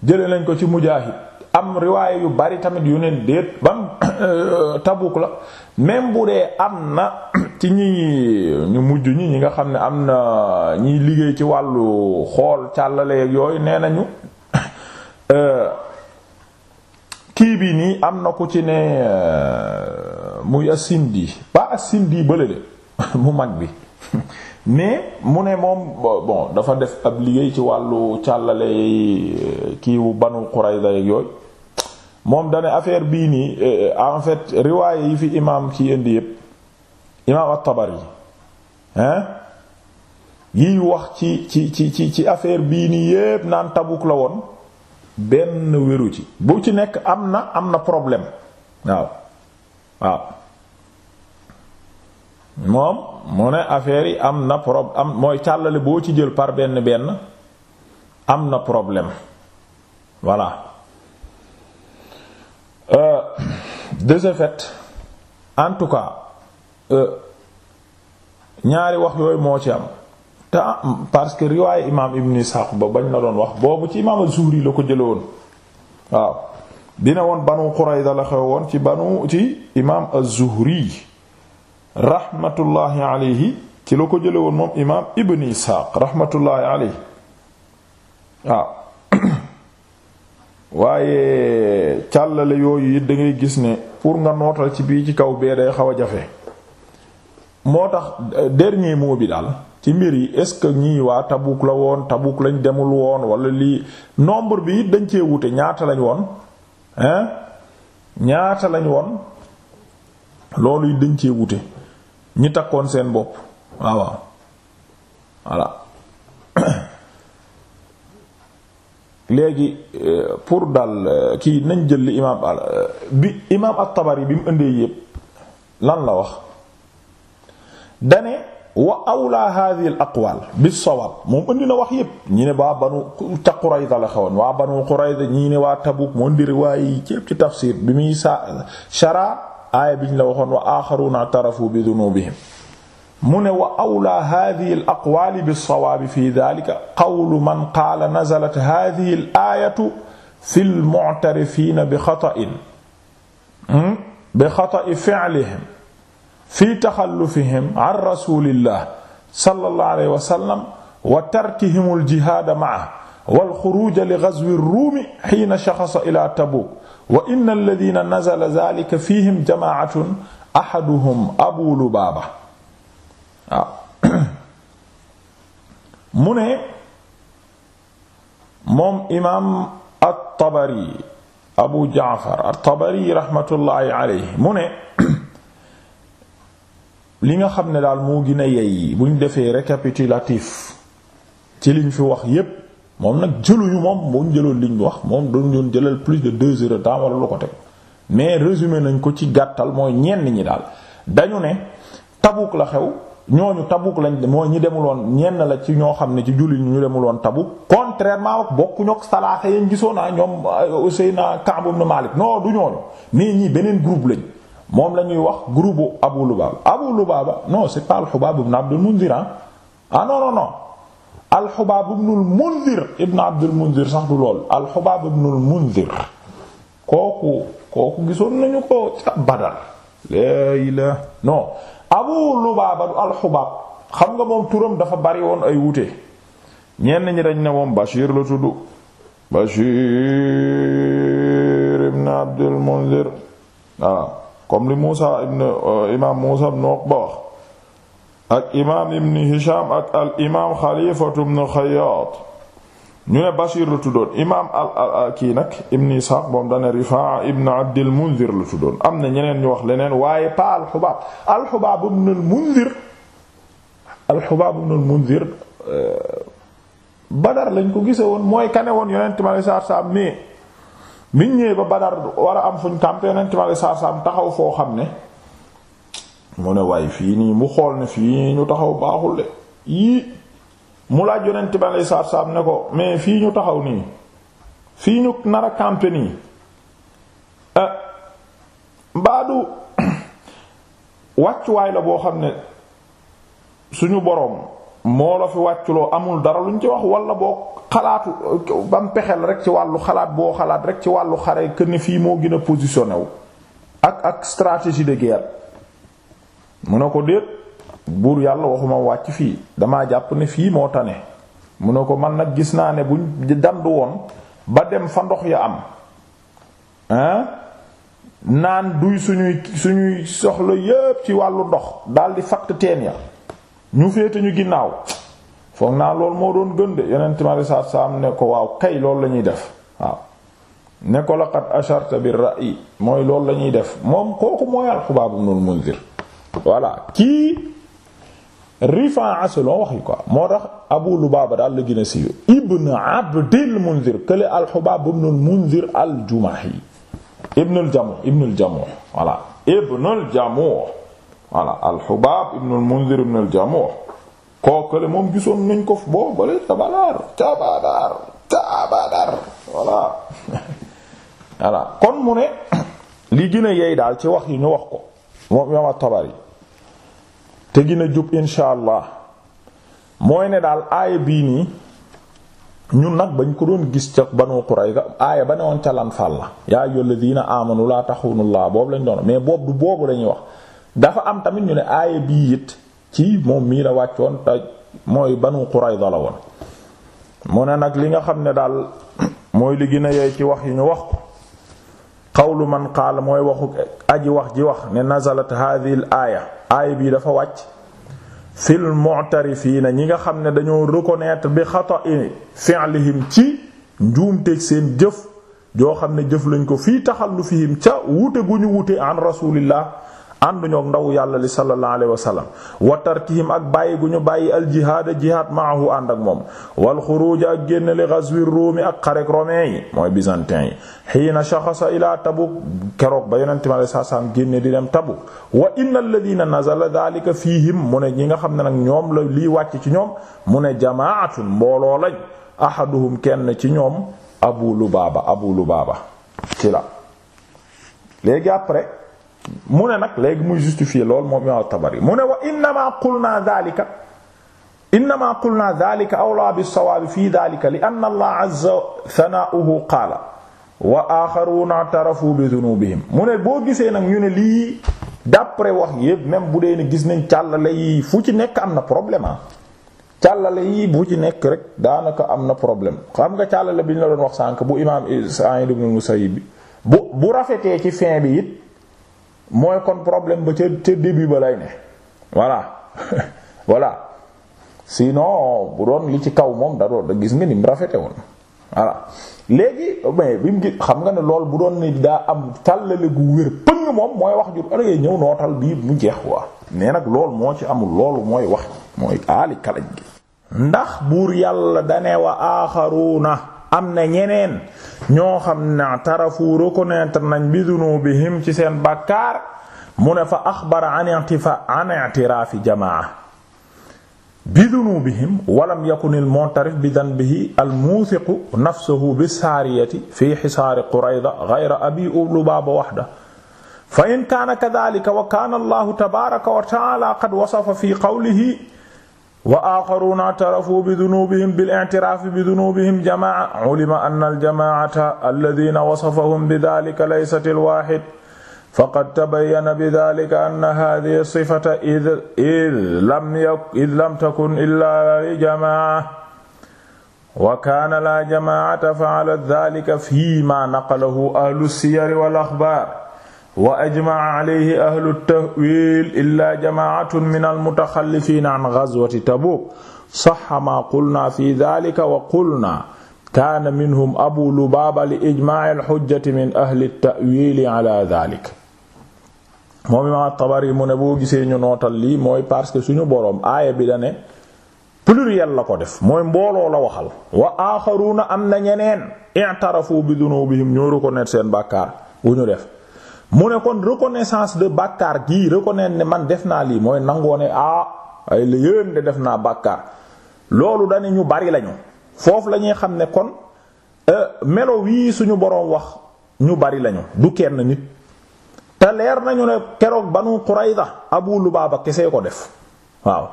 jëlee nañ ko ci Mujaahid am riwaaya yu bari tamit yu ne déet bam *coughs* Tabuk la même bu dee am na *coughs* ci ñi ñu mujj ñi ñi nga xam ne am na ñiy liggéey ci wàllu xool càllaleeg yooyu nee nañu *coughs* euh, kii bi nii am na ku ci ne euh, muy asindi ba asindi bële de *laughs* mu mag bi *laughs* mais mu ne moom bon dafa def ab liggéey ci wàllu càllale euh, kiiwu banu Qurayza yooyu moom dane affaire bii nii euh, en fait riwaaye yi fi imaam ki indi yëpp imaam at-Tabari hein yiy wax ci ci ci ci ci affaire bii nii yëpp naan Tabuk la woon benn wéru ci bu ci nekk am na am na problème waaw waaw moom mu ne affaire yi am na problème am mooy càllale boo ci jël par benn benn am na problème voilà des euh, de ce en tout cas euh, ñaari wax yooyu moo ci am te parce que riwaaye imaam Ibn Ishaq ba bañ na doon wax boobu ci imaam az-Zuhri la ko jële woon waaw dina woon Banu Qurayza la xew woon ci banu ci imaam az-Zuhri raxmatullaahi alayhi ci la ko jële woon moom imaam ibn isxaaq raxmatullaahi alayhi waaw *coughs* waaye càllale yooyu it dangay gis ne pour nga nootal ci bii ci kaw bee day xaw a jafe moo tax dernier mot bi daal ci mbir yi est ce que ñii waa Tabuk la woon Tabuk lañ demul woon wala lii nombre bi it dañ cee wute ñaata lañ woon hein ñaata lañ woon loolu it dañ cee wute ñi takkoon seen bopp waaw waaw voilà *coughs* léegi euh, pour dal euh, kii nañ jël li imaam al euh, bi imaam at-Tabari bi mu indee yépp lan la wax dane wa awla hadhihi al aqwal bis moom indi na wax yépp ñi ne waa banu ca Qurayza la xewoon waa banu Qurayza ñii ne waa Tabuk moo indi riwaay yi yépp ci tafsir bi muy sa shara aaya biñ la waxoon wa aaxaruuna tarafu bi dunubihim mu ne wa awlaa hadihi al aqwaali bilsawaabi fi dalika qawlu man qaala nazalat hadihi l aayatu fi lmuctarifina bi xatain bi xatai ficlihim fi taxallufihim an rasulillah sallallahu alayhi wa sallam wa tarkihim aljihaada macahu wal xuruuj li gazwi ruumi xiina shaxasa ilaa Tabuuk wa inna alladiina nazala zaalika fiihim jamaacatun axaduhum Abu Lubaaba waaw *clears throat* mu ne moom imaam at-Tabari Abu Jaafar at-Tabari raxmatullaahi aleyhi mu ne *clears throat* li nga xam ne daal moo gën a yey buñ defee récapitulatif ci liñ fi wax yépp moom nag ñu moom moo jëloon liñ bi wax moom doon ñoon jëlal plus de deux heures de lu ko teg mais résumé nañ ko ci gàttal mooy ñenn ñi daal dañu ne Tabuk la xew ñooñu Tabuk lañ mooy ñi demuloon ñenn la ci ñoo xam ne ci julli ñu ñu demuloon Tabuk contrairement ak bokkuñu ak salaaxe yañ gisoo naa ah, ñoom ah, Useyna Ka'b ibn Malik noo du ñooñu mais ñii beneen group lañ moom la ñuy wax groupe Abu Lubaba Abu Lubaba non c'est pas al-Hubab ibn Abd al-Mundhir ah. ah non non alxubaab ibnul mundir ibnu abdul mundir sax du lool alxubaab ibnul mundir kooku kooku gisoon nañu ko ca laa ilaa non abu lubaaba du alxubaab xam nga moom turam dafa bari woon ay wute ñenn ñi dañ ne moom bashir la tudd bashir ibn abdul mundir waaw ah, comme li muusa ibn euh, imaam muusa ibn uqba wax ak imaam ibn Hisham ak al imaam Xalifatu ibn Xayyaat ñu ne Bashir la tuddoon imaam al al kii nag ibn Ishaq moom dana Rifaa ibn Abdil Munzir la tuddoon am na ñeneen ñu wax leneen waaye pa al Xubaab al Xubaab ibn al Munzir al Xubaab ibn al Munzir euh, Badar lañ ko gise woon mooy kane woon yonent mi alayhi salaatu salaam mais biñ ba Badar war a am fuñ campé yonent mi alayhi salaatu salaam taxaw foo xam ne. mu ne waay fii nii mu xool ne fii ñu taxaw baaxul de yii mu laaj yonent bi aleyhi salaatu salaam ne ko mais fii ñu taxaw nii fii ñu nar a campé nii eh, mbaadu *coughs* wàccuwaay la boo xam ne suñu boroom moo la fi wàcculoo amul dara luñ ci wax wala boo xalaatu ba mu pexeel rek ci wàllu xalaat boo xalaat rek ci wàllu xare que ni fii moo gën a positionné wu ak ak stratégie de guerre mu ne ko déet buur yàlla waxuma wàcc fii damaa jàpp ne fii moo tane mu ne ko man nag gis naa ne buñ dand woon ba dem fa ndox ya am hein naan duy suñuy suñuy soxla yépp ci wàllu ndox daldi fatt teen ya ñu féete ñu ginnaaw foog naa lool moo doon gën de yonent ma risaat saam ne ko waaw kay loolu la ñuy def waaw ne ko laqad asharta bir ra'i mooy loolu lañuy def moom kooku mooy alxubaabum nul munzir voilà kii Rifaa aselon wax yi quoi moo tax Abu Lubaaba daal la gën a siiw Ibn Abdil Munzir kële al-Hubaab ibnul al-Jumahi ibnul Jamuh ibnul Jamuh voilà al-Hubaab ibnul Munzir moom gisoon nañ ko boo bale tabadaar tabadaar tabadaar *laughs* voilà kon mu ne li gën a daal ci wax yi ñu wax ko moom imaam tabari te gën a jub insha mooy ne daal aaya bii nii ñun nag bañ ko doon gis ca banu Qurayza aaya ba ne woon ca lan fàll la yaa ayyuhal ladina amanu laa taxunullaa boobu lañ doon mais boobu du boobu lañuy wax dafa am tamit ñu ne aaya bii it ci moom mii la wàccoon te mooy banu Qurayza la woon mu ne nag li nga xam ne daal *clears throat* mooy li gën a yey ci wax yi ñu wax ko qawlu man qaala mooy waxu aji wax ji wax ne nazalat hadhihi al aaya aay bii dafa wàcc fii mu'tarifiina ñi nga xam ne dañoo reconnaître bi xata'i fi'lihim ci njuumteeg seen jëf joo xam ne jëf lañ ko fii taxallufihim ca wute gu ñu wute an rasulillah ànduñook ndaw yàlla li sallallahu alayhi wa sallam wa tarkihim ak bàyyi gu ñu bàyyi al jihaada jihaad maahu ànd ak moom wal xuruuj ak génn li ghazwir ruumi ak xarek romain yi mooy byzantin yi xiina shaxasa ilaa tabuk keroog ba yonente mi alayhi salaam génne di dem tabuk wa inna alladina nazala daalika fiihim mu ne ñi nga xam ne nag ñoom la lii wàcc ci ñoom mu ne jamaatun mbooloo lañ ahaduhum kenn ci ñoom abu lubaaba abu lubaaba ci la léegi après mu ne nag léegi mu justifier lool moom imam Tabari mu ne wa innama qulna dhalika innama qulna dhalika awla bis-sawab fi dhalika li boo gisee nag ñu ne lii d'après wax yépp même bu dee gis nañ càllale yi fu ci nekk am na problème ah. yi bu ci nekk rek daanaka am na problème xam nga càllale bi ñu doon wax sànk bu imam Sa'id ibn Musayyib bi bu bu rafetee ci fin bi it mooy kon problème ba ca ca début ba lay ne voilà *laughs* voilà sinon bu doon li ci kaw moom da doon da gis nga ni mu rafete woon voilà léegi mais bi mu xam nga ne lool bu doon ni daa am tàllale gu wér pëng moom mooy wax ju ëllëgee ñëw nootal bii mu jeex waa mais nag lool moo ci amul loolu mooy wax mooy aali kalaj gi ndax buur yàlla dane wa aaxaruuna am na ñeneen ñoo xam ne tarafu reconnaître nañ bi dunubihim ci seen bàkkaar mu ne fa axbara an i'tifa an i'tirafi jamaa bi dunubihim walam yakun al mu'tarif bi danbihi al muthiqu nafsuhu bi saariyati fi hisaar qurayda ghayra abi lubaba wahda fa in kaana kadhalika wa kaana allahu tabaaraka wa ta'ala qad wasafa fi qawlihi wa aaxaruuna i'tarafu bi dunuubihim bil i'tiraafi bi dunuubihim jamaa'a ulima anna al-jamaa'ata alladiina wasafahum bi daalika laysat al-waahid faqad tabayyana bi daalika anna haadihi sifata id lam takun illaa li jamaa'a wa kaana laa jamaa'ata fa'ala daalika fiimaa naqalahu ahlu siyar wal axbaar wa ajmaa alayhi ahlu tahwil illa jamaatun min almutaxallifiina an gazwati tabuuk saxa maa qulna fi dalika wa qulna kaana minhum abu lubaaba li ijmaaci alxujjati min ahli tahwili ala dalik moom imaam Tabari mu ne boo gisee ñu nootal lii mooy parce que suñu boroom aaya bi da ne pluriel la ko def mooy mbooloo la waxal wa aaxaruuna am na ñeneen i'tarafu bi dunubihim ñoo reconnaître seen bàkkaar wu ñu def mu ne kon reconnaissance de bàkkaar gii reconnaître ne man def naa lii mooy nangoo ne ah ay la yéen de def naa bàkkaar loolu dane ñu bari lañu foofu lañuy xam ne kon euh, melo wii suñu boroom wax ñu bari lañu du kenn nit te leer nañu ne keroog banu Qurayza Abu Lubaaba kese ko def waaw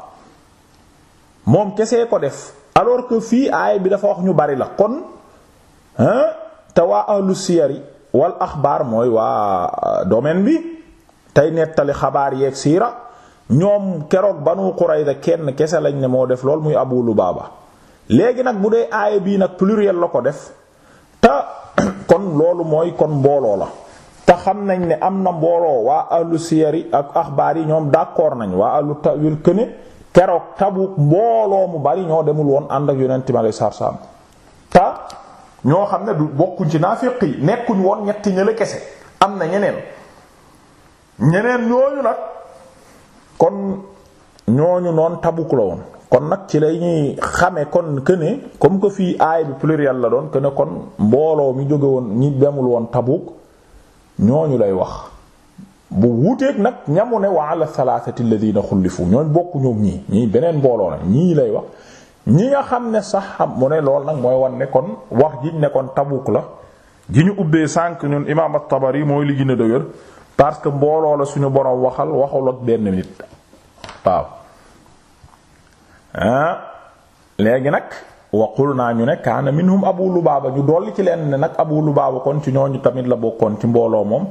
moom kese ko def alors que fii aay bi dafa wax ñu bari la kon hein te waa ahlu siyari wal axbaar mooy waa euh, domaine bi tey nettali xabaar yeeg siira ñoom keroog banu Qurayza kenn kese lañ ne moo def lool muy Abu Lubaaba léegi nag bu dee aaya bii nag pluriel la ko def ta *coughs* kon loolu mooy kon mbooloo la te xam nañ ne am na mbooloo waa ahlu siyari ak axbaar yi ñoom d'accord nañ waa ahlu tawil këne keroog Tabuk mbooloo mu bari ñoo demul woon ànd ak yonent mi sallallahu alayhi ñoo xam ne du bokkuñ ci naafiq yi nekkuñ woon ñetti ñële kese am na ñeneen ñeneen ñooñu nag kon ñooñu noon Tabuk la woon kon nag ci lay ñuy xame kon que ne comme que fii aay bi pluriel la doon que ne kon mbooloo mi jóge woon ñi demul woon Tabuk ñooñu lay wax bu wuuteeg nag ñamu ne wa ala thalathati alladhina xullifu ñooñ bokku ñoom ñii ñii beneen mbooloo la ñii lay wax ñi nga xam ne sax mu ne lool nag mooy wan ne kon wax jiñ ne kon Tabuk la ji ñu ubbee sànq ñun imaam at-Tabari mooy li gën a dëgër parce que mbooloo la suñu borom waxal waxul benn nit waaw ah léegi nag waxul naa ñu ne kaana minhum Abu Lubaaba ñu dolli ci leen ne nag lu Lubaaba kon ci ñooñu tamit la bokkoon ci mbooloo moom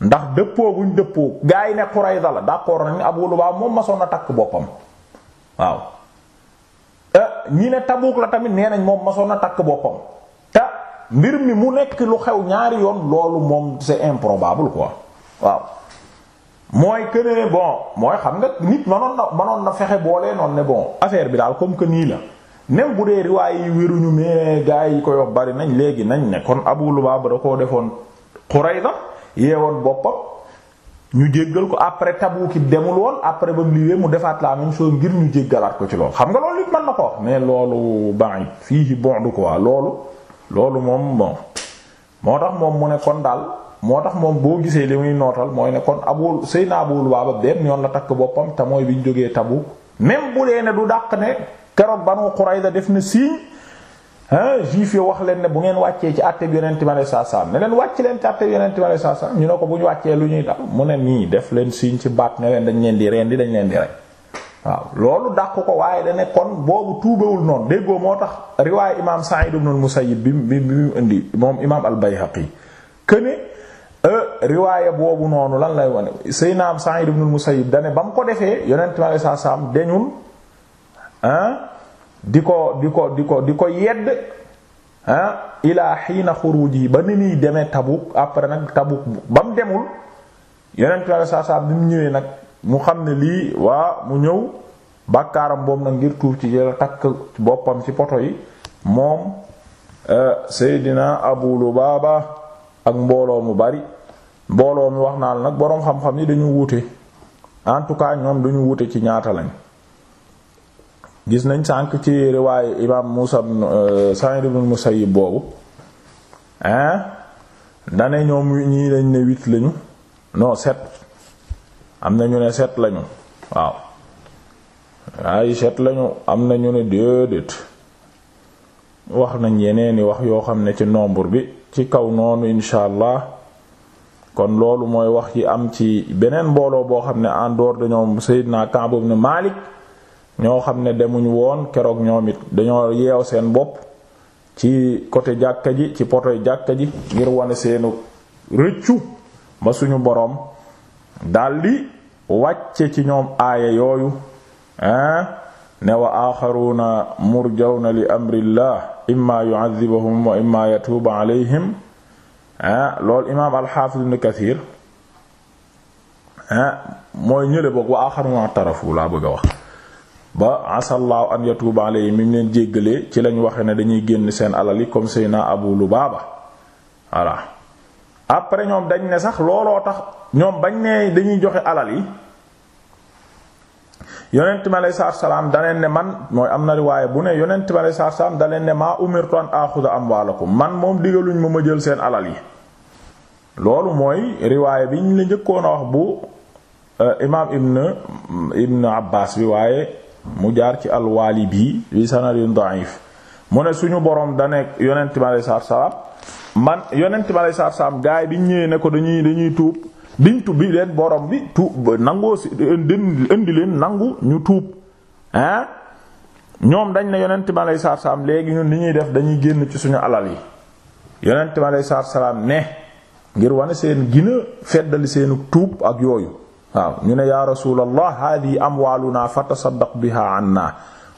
ndax dëppoo buñ dëppoo gaa yi ne Qurayza la d'accord nañ Abu Lubaaba moom masoon na takk boppam waaw. ñi ne Tabuk la tamit nee nañ moom masoon na takk boppam ta mbir mi mu nekk lu xew ñaari yoon loolu moom c'est improbable ko waaw mooy que bon mooy xam nga nit manoon na manoon na fexe boolee noonu ne bon affaire bi daal comme que nii la même bu dee riwaay yi wéruñu mais gars yi koy bari nañ léegi nañ ne kon Abu Lubaaba da koo defoon Qurayza yeewoon boppam ñu jéggal ko après Tabuuk demul woon après ba mu liwee mu defaat la même chose ngir ñu jéggalaat ko ci loolu xam nga loolu it mën na ko wax mais loolu ba'id fiihi ko waa loolu loolu moom bon moo tax moom mu ne kon daal moo tax moom boo gisee li muy nootal mooy ne kon abul Seydina Abul Waaba benn yoon la takk boppam te mooy bi ñu jógee Tabuuk même bu dee ne du dàq ne keroog Banu la def na signe ah juif yi wax leen ne bu ngeen wàccee ci àtte bi yonent ma ne saa saa ne leen wàcc leen ci àtte bi yonent ma saa saa ñu ne ko bu ñu wàccee lu ñuy dal mu ne nii def leen signe ci baat ne leen dañ leen di rendi dañ leen di rey waaw loolu dàq ko waaye da ne kon boobu tuubawul noonu déggoo moo tax riwaayu imaam Sa'id ibn al-Musayyib bi bi bi mu indi moom imaam al-Bayhaqi këne euh, riwaaya boobu noonu lan lay wane Seydina Sa'id ibn al-Musayyib da ne ba mu ko defee yonent ma ne saa saa deñul ah di ko di ko di ko di ko yedd ah na xiina xuruj yi ba ni muy demee Tabuk après nag Tabuk ba mu demul yeneen tubaab saa saa bi mu ñëwee nag mu xam ne lii waa mu ñëw bàkkaaram boobu nag ngir tuub ci jëla takk boppam ci poto yi moom eh, Seydina Abu Lubaaba ak mbooloo mu bari mbooloo mi wax naa la nag boroom xam-xam yi dañu wuute en tout cas ñoom dañu wuute ci ñaata lañ. gis nañ sànq ci riwaayu imaam Muusa euh, Sa'id ibn Musayyib boobu hein dane ñoom ñii lañ ne wit lañu noo sept am na ñu ne sept lañu waaw waaye sept lañu am na ñu ne déedéet wax nañ yeneeni wax yoo xam ne ci nombre bi ci kaw noonu insha allah kon loolu mooy wax yi am ci beneen mbooloo boo xam ne en dehors de ñoom Sayyidina Ka'b ibn Malik ñoo xam ne demuñu woon keroog ñoom it dañoo yeew seen bopp ci côté jàkka ji ci poto jàkka ji ngir wane seenu rëccu ba suñu boroom daldi wàcce ci ñoom aaya yooyu ah ne wa axaruna na li amrillah imma yu'adhibuhum wa loolu imaam alxaafis ibn kathir ah mooy ñële boog wa axaruna tarafu laa bëgg wax ba asallaahu an yatuuba yi mi mu leen jéggalee ci lañu waxe ne dañuy génn seen alal yi comme Seyna Abu Lubaaba voilà après ñoom dañ ne sax looloo tax ñoom bañ ne dañuy joxe alal yi yonent mi aleyhi salaatu salaam da leen ne man mooy am na riwaaye bu ne yonent mi aleyhi salaatu salaam da leen ne maa umirtu an axuda amwaalakum man moom digaluñ ma ma jël seen alal yi loolu mooy riwaaye bi ñu la njëkkoon a wax bu euh, imaam ibn ibn Abbaas bi waaye. mu jaar ci alwaali bii bi sanadin da'if mu ne suñu borom da nekk yonent bi aleyhi salaatu salaam man yonent bi aleyhi gaay bi ñëwee ne ko dañuy dañuy tuub biñ bi leen borom bi tuub nangoo si indi leen nangu ñu tuub ah ñoom dañ ne yonent malay aleyhi salaatu léegi ñun li ñuy def dañuy génn ci suñu alal yi yonent bi aleyhi ne ngir wane seen gina feddali seenu tuub ak yooyu waaw ñu ne yaa rasulallah hadi amwaaluna fatasaddaq biha anna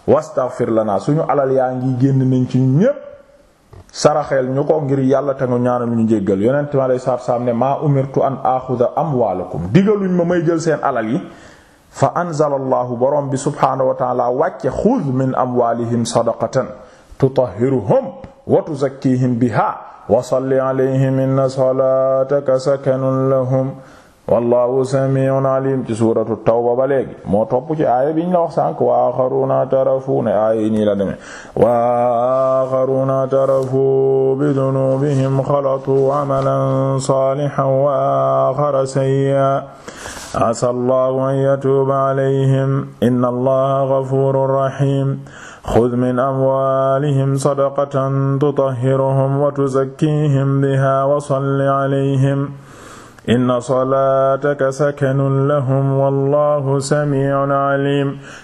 wastaghfir lana suñu alal yaa ngi génn nañ ci ñépp saraxeel ñu ko ngir yàlla te nga ñaanal ñu jéggal yonent mi alayhi salaatu salaam ne maa umirtu an axuda amwaalakum digaluñ ma may jël seen alal yi fa anzala allahu borom bi subhaanahu wa taala wàcce xud min amwaalihim sadaqatan tutahhiruhum wa tuzakkihim biha wa salli alayhim inna salaataka sakanun lahum wallahu samiun alim ci suuratu tawba ba léegi moo topp ci aaya biñ la wax sànk wa axaruna tarafu ne aaya yi nii la demee wa axaruna tarafu bi dunubihim xalatu amalan salihan wa axara sayyi'an asa allahu an yatuuba alayhim inna allaha gafurun rahim xud min amwalihim sadaqatan tutahhiruhum wa tuzakkihim biha wa salli alayhim inna salaataka sakanun lahum wallahu sami'un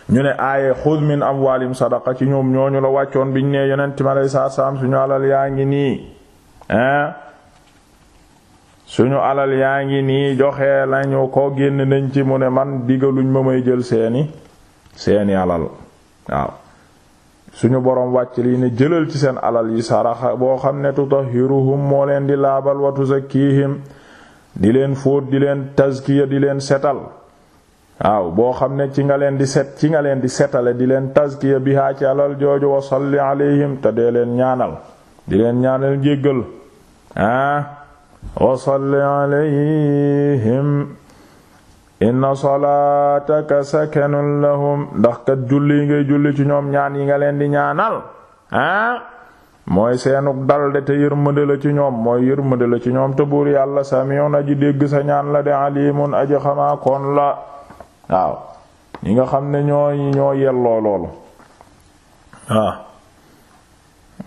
ñu ne aaye xud min amwaalim sadaqa ci ñoom ñooñu la wàccoon biñ ñu yonent ma lay saa saam suñu alal yaa ngi nii ah, suñu alal yaa ngi nii joxe lañu ko génn nañ ci mu ne man digaluñ ma may jël seeni seeni alal waaw suñu boroom wàcc li ne jëlal ci seen alal yi saraxa boo xam ne tutahhiruhum moo leen di laabal wa tuzakkihim di leen fóot di leen tazkiya di leen setal waaw boo xam ne ci nga leen di set ci nga leen di setale di leen tazkiya bihaa ci alal jooju wa salli alayhim te dee leen ñaanal di leen ñaanal njéggal ah wa salli alayhim inna salaataka sakanun lahum ndax kat julli ngay julli ci ñoom ñaan yi nga leen di ñaanal ah mooy seenug dalde te yërmande la ci ñoom mooy yërmande ci ñoom te buur yàlla samion aji dégg sa ñaan la de alimun aji xamaa la waaw nga xam ne ñooy ñoo yelloo loolu waaw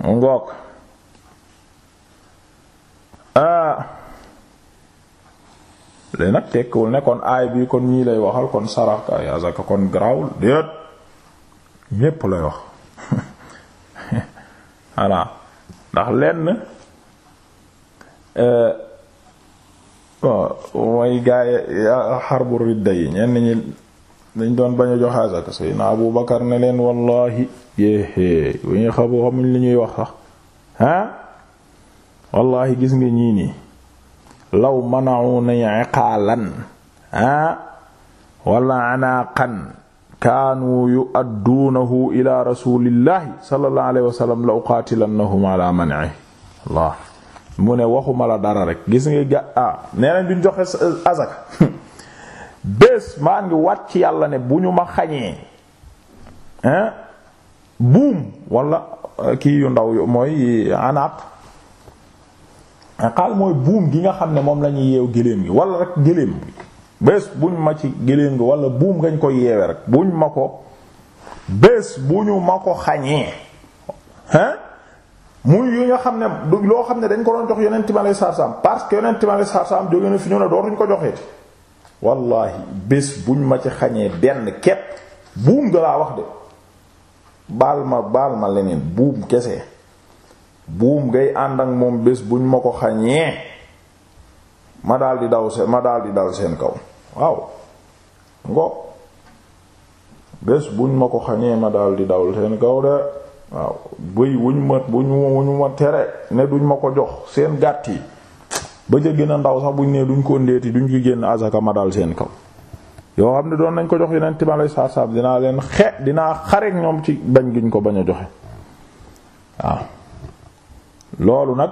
mu ngoog a ah, léegi nag tekkiwul ne kon aay bi kon ñii lay waxal kon sarax ka azaka kon garaawul déet ñépp lay wax *laughs* voilà ndax lenn euh, mooy gaa yi xarbu ah, ridda yi ñenn ñi dañ doon bañ a jox asaka Seydina Abu Bakar ne leen wallahi yéexee bu ñu xamu xamuñ li ñuy wax sax ah wallahi gis nga ñii nii law mana'u nañu iqaalan ah wala anaqan kaanu yu'adduunahu ila rasulillahi sallallahu alayhi wa sallam la uqaatilannahum ala man'ihi mu ne waxuma la dara rek gis nga ga ah nee nañ duñ joxe euh, azaka *laughs* bés maa ngi wat ci yàlla ne bu ñu ma xañee buum wala euh, kii yu ndaw yu mooy anaat xaal mooy buum gi nga xam ne moom lañuy ñuy yeew géléem gi wala rek géléem gi bés buñ ma ci géléem gi wala buum ngañ ko yeewe rek buñ ma ko bés bu ñu ma ko xañee hein muy yu nga xam ne du loo xam ne dañ ko doon jox yonent mi alayhi salaatu salaam parce que yonent mi alayhi salaatu salaam jóge na fi ñu ne dootuñ ko joxeeti wallahi bés buñ ma ci xañee benn kepp buum nga laa wax de baal ma baal ma leneen buum kese buum ngay ànd ak moom bés buñ ma ko xañee ma daal di daw seen ma daal di dal seen kaw waaw ngo bés buñ ma ko xañee ma daal di dawal seen kaw de waaw bëy wuñ ma buñ ma tere ne duñ ma ko jox seen gàtt yi ba ca na ndaw sax buñ ne duñ ko ndeeti duñ ko génn azaka ma dal seen kaw yoo xam ne doon nañ ko jox yeneen timalay saab dinaa leen xe dinaa xareek ñoom ci bañ guñ ko bañ a joxe waaw loolu nag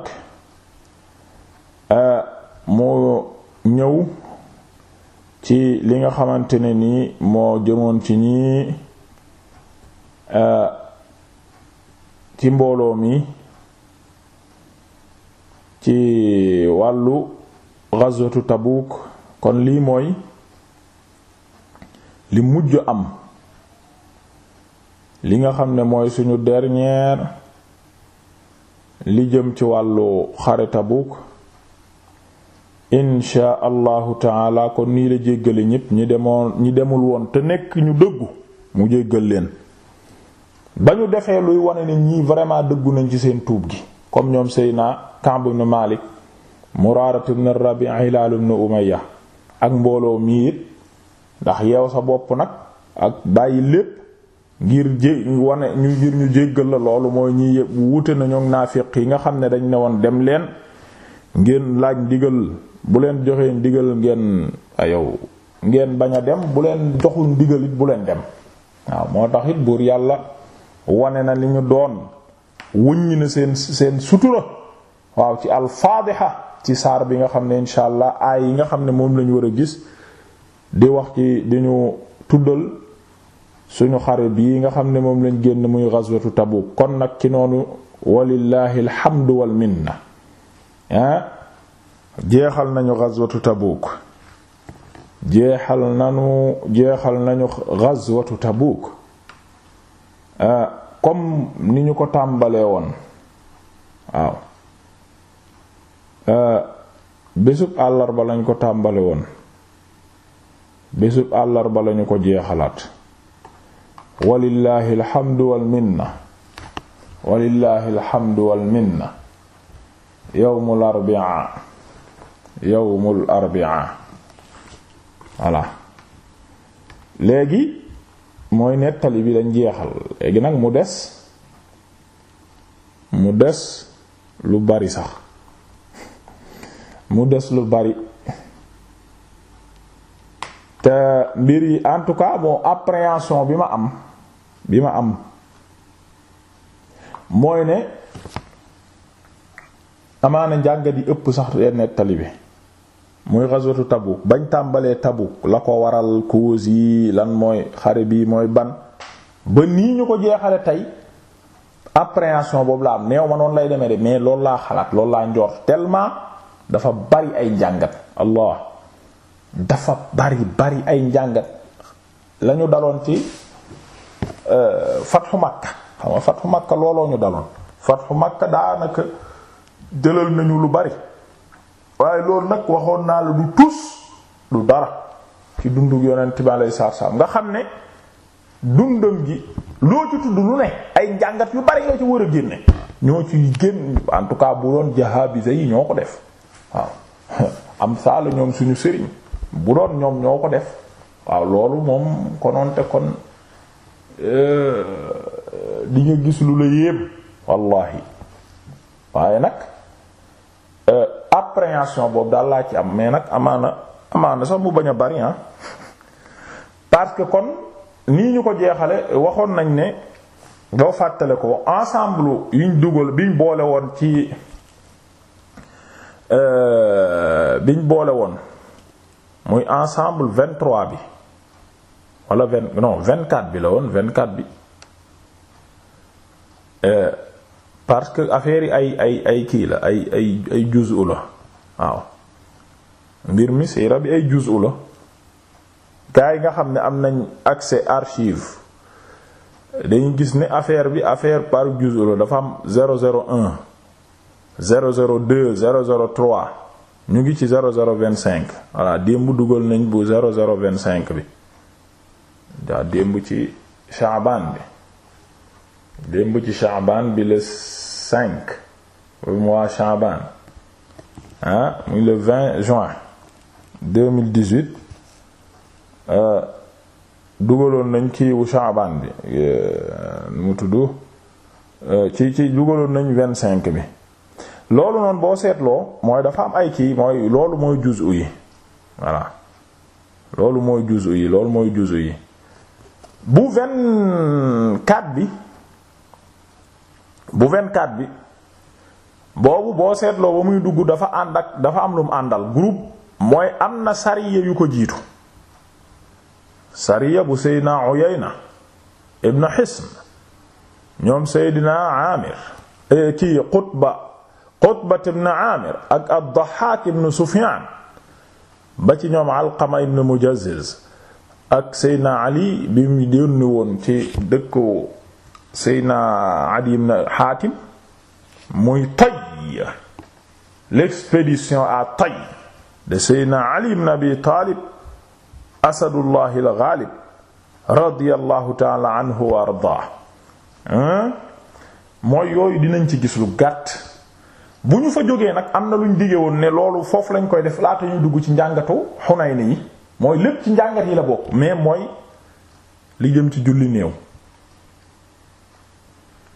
eh, moo ñëw ci li nga xamante ne nii moo jëmoon ci nii euh, ci mbooloo mi ci wàllu ghazwatu Tabuk kon lii mooy li mujj am li nga xam ne mooy suñu dernier li jëm ci wàllu xare Tabuk insha allahu taala kon nii la jéggale ñépp ñi demoon ñi demul woon te nekk ñu dëggu mu jéggal leen ba ñu defee luy wane ne ñii vraiment dëggu nañ ci seen tuub gi comme ñoom Seyna Ka'b ibn Malik Muraara ibn Rabi' Hilaal ibn ya ak mbooloo mii it ndax yeew sa bopp nag ak bàyyi lépp ngir jé wane ñu ngir ñu jéggal la loolu mooy ñi yëpp wuute nañu naafiq yi nga xam ne dañ ne woon dem leen ngeen laaj ndigal bu leen joxee ndigal ngeen ah, yow ngeen bañ a dem bu leen joxul ndigal it bu leen dem waaw moo tax it buur yàlla wane na li ñu doon wuññi na seen seen sutura waaw ci alfaadiha ci saar bi nga xam ne insha allah aay yi nga xam ne moom lañu war a gis di wax ci di ñu tuddal suñu xare bii nga xam ne moom lañ génn muy ghazwatu Tabuk kon nag ci noonu walillahi alhamdu wal minna ah jeexal nañu ghazwatu Tabuk jeexal nañu jeexal nañu ghazwatu Tabuk ah, comme ni ñu ko tàmbalee woon waaw ah, bésub àllarba lañ ko tàmbale woon bésub àllarba lañu ko jeexalaat walillahi alhamdu wal minna walillahi alhamdu wal minna yawmul arbi'a yawmul arbia voilà léegi mooy nettali bi dañ jeexal léegi nag mu des mu des lu bari sax mu des lu bari te mbir yi en tout cas moo appréhension bi ma am bi ma am mooy ne amaana njàngat yi ëpp sax nettali bi muy ghazwatu tabu bañ tàmbalee Tabuk la ko waral cause yi lan mooy xare bii mooy ban ba nii ñu ko jeexale tey appréhension boobu la am neew ma noonu lay demee de mais loolu laa xalaat loolu laa njort tellement dafa bari ay njàngat allah dafa bari bari ay njàngat lañu daloon ci euh, fat Makka xam nga fatxu Makka looloo ñu daloon fatxu Makka daanaka jëlal nañu lu bari waaye loolu nag waxoon naa la du tus du dara ci dundu yonent bi alayhi salaam nga xam ne dundam gi loo ci tudd lu ne ay njàngat yu bari yoo ci war a génne ñoo ci génn en tout cas bu doon jahabisa yi ñoo ko def waaw *laughs* am saala ñoom suñu sëriñ bu doon ñoom ñoo ko def waaw loolu moom konoonte kon euh, di nga gis lu la yéem wallahi waaye nag euh, appréhension boobu daal laa ci am mais nag amaana amaana sax mu bañ a bari parce que kon nii ñu ko jeexale waxoon nañ ne doo fàttale ko ensemble yiñ dugal biñ boole woon ci euh, biñ boole woon muy ensemble 23 bi wala vingt non 24 bi la woon 24 bi. Euh, parce que affaire yi ay ay ay kii la ay ay ay juzu la waaw mbir mi rab bi ay juzu la gaa yi nga xam ne am nañ accès archive dañu gis ne affaire bi affaire par juzu la dafa am 001 002 trois ñu ngi ci cinq voilà démb dugal nañ bu 0025 bi daa démb ci Shaaban bi démb ci Shaaban bi les cinq bu mois Chaban ah muy le 20 juin 2018 euh, dugaloon nañ ci wu Chaban bi euh, mu tudd euh, ci ci dugaloon nañ vingt cinq bi loolu noonu boo seetloo mooy dafa am ay kii mooy loolu mooy juzu yi voilà loolu mooy juzu yi loolu mooy juzu yi bu vingt quatre bi. bu 24 bi boobu boo seetloo ba muy dugg dafa ànd ak dafa am lu àndal groupe mooy am na sariya yu ko jiitu sariya bu seyna Uyayna ibn Hisn ñoom Seydina Amir eh, kii Qutba Qutba ibn Amir ak ad-Dahhak ibn Sufyan ba ci ñoom Alqama ibn Mujazziz ak seyna Ali bi mu yónni woon ci dëkku Seydina Adi ibn Hatim muy Tay l'expédition à Tay de Seydina Ali ibn Abi Talib Asadullah al-Ghalib radiyallahu ta'ala anhu wa ardaa mooy yooyu dinañ ci gis lu gàtt bu ñu fa jógee nag am na luñ dige woon ne loolu foofu lañ koy def laata ñu dugg ci njàngatu Hunayn yi mooy lépp ci njàngat yi la bokk mais mooy li jëm ci julli néew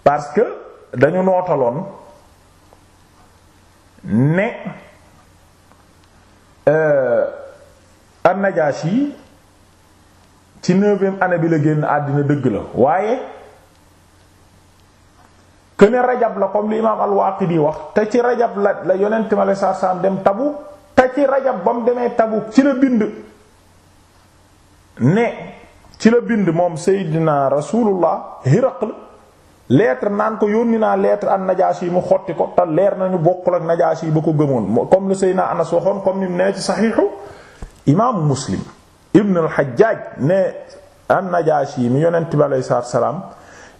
parce que dañu nootaloon ne euh, an-Najashi yi ci neuvième année bi la génn àddina dëgg la waaye que ne rajab la comme li imaam al-Waaqidi wax te ci rajab la la yonent ma la sarsam dem tabu te ci rajab ba mu demee tabu ci la bind ne ci la bind moom Seydina Rasulullah Hiraql lettre naan ko yónni naa lettre an Najaasi yi mu xotti ko te leer nañu bokkul ak Najaasi yi ba ko gëmoon comme lu Seydina Anas waxoon comme ni mu nee ci saxiixu imaamu Muslim ibn al-Hajjaj ne an Najaasi yi mi yonent bi alayhi salaatu salaam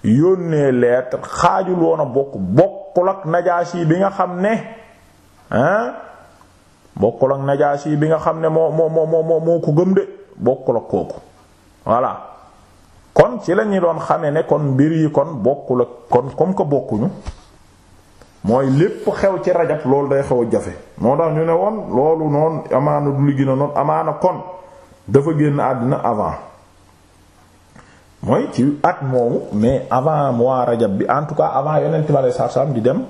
yónnee lettre xaajul woon a bokk bokkul ak Najaasi yi bi nga xam ne ah bokkul ak Najaasi yi bi nga xam ne moo moo moo moo moo ko gëm de bokkul ak kooku voilà. kon ci lañuy doon xame ne kon mbir yi kon bokkul ak kon comme que bokkuñu mooy lépp xew ci rajab loolu day xew a jafe moo tax ñu ne woon loolu noon amaana du li gën a noonu amaana kon dafa génn àddina avant mooy ci at moomu mais avant mois rajab bi en tout cas avant yonent bi aleyhi salaam di dem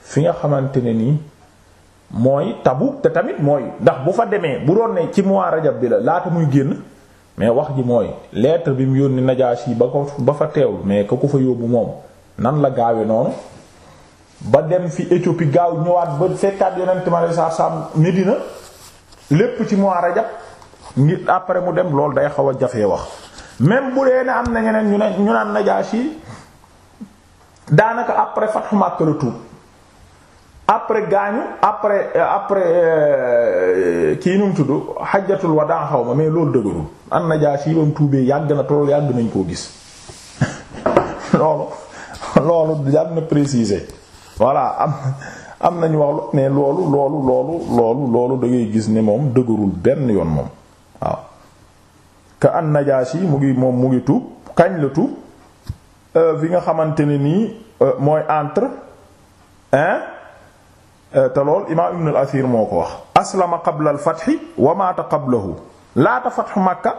fi nga xamante ne nii mooy tabu te tamit mooy ndax bu fa demee bu doon ne ci mois rajab bi la laata muy génn mais wax ji mooy lettre bi mu yónni Najaasi ba ko ba fa teew mais ka ko fa yóbbu moom nan la gaawe noonu ba dem fi Éthiopie gaaw ñëwaat ba fekkaat yonent ma lay saa saa Medina lépp ci mois Rajab ngir après mu dem loolu day xaw a jafee wax même bu dee ne am na ñeneen ñu ne ñu naan Najaasi daanaka après Fathu Makka la tuub après gaañu après euh, après euh, kii nu mu tudd xajjatul wadaa xaw ma mais loolu dëgërul an-Najaashi ba mu tuubee yàgg na tool yàgg nañ koo gis *laughs* loolu loolu yàgg na préciser voilà am am nañu wax ne loolu loolu loolu loolu loolu da gis ni moom dëgërul benn yoon moom waaw ka an-Najaashi mu ngi moom mu ngi tuub kañ la tuub fi euh, nga xamante ne nii mooy entre hein Euh, te lool imaam ibn athir moo ko wax aslama qabla al-fath wa maata qablahu laata fathu Makka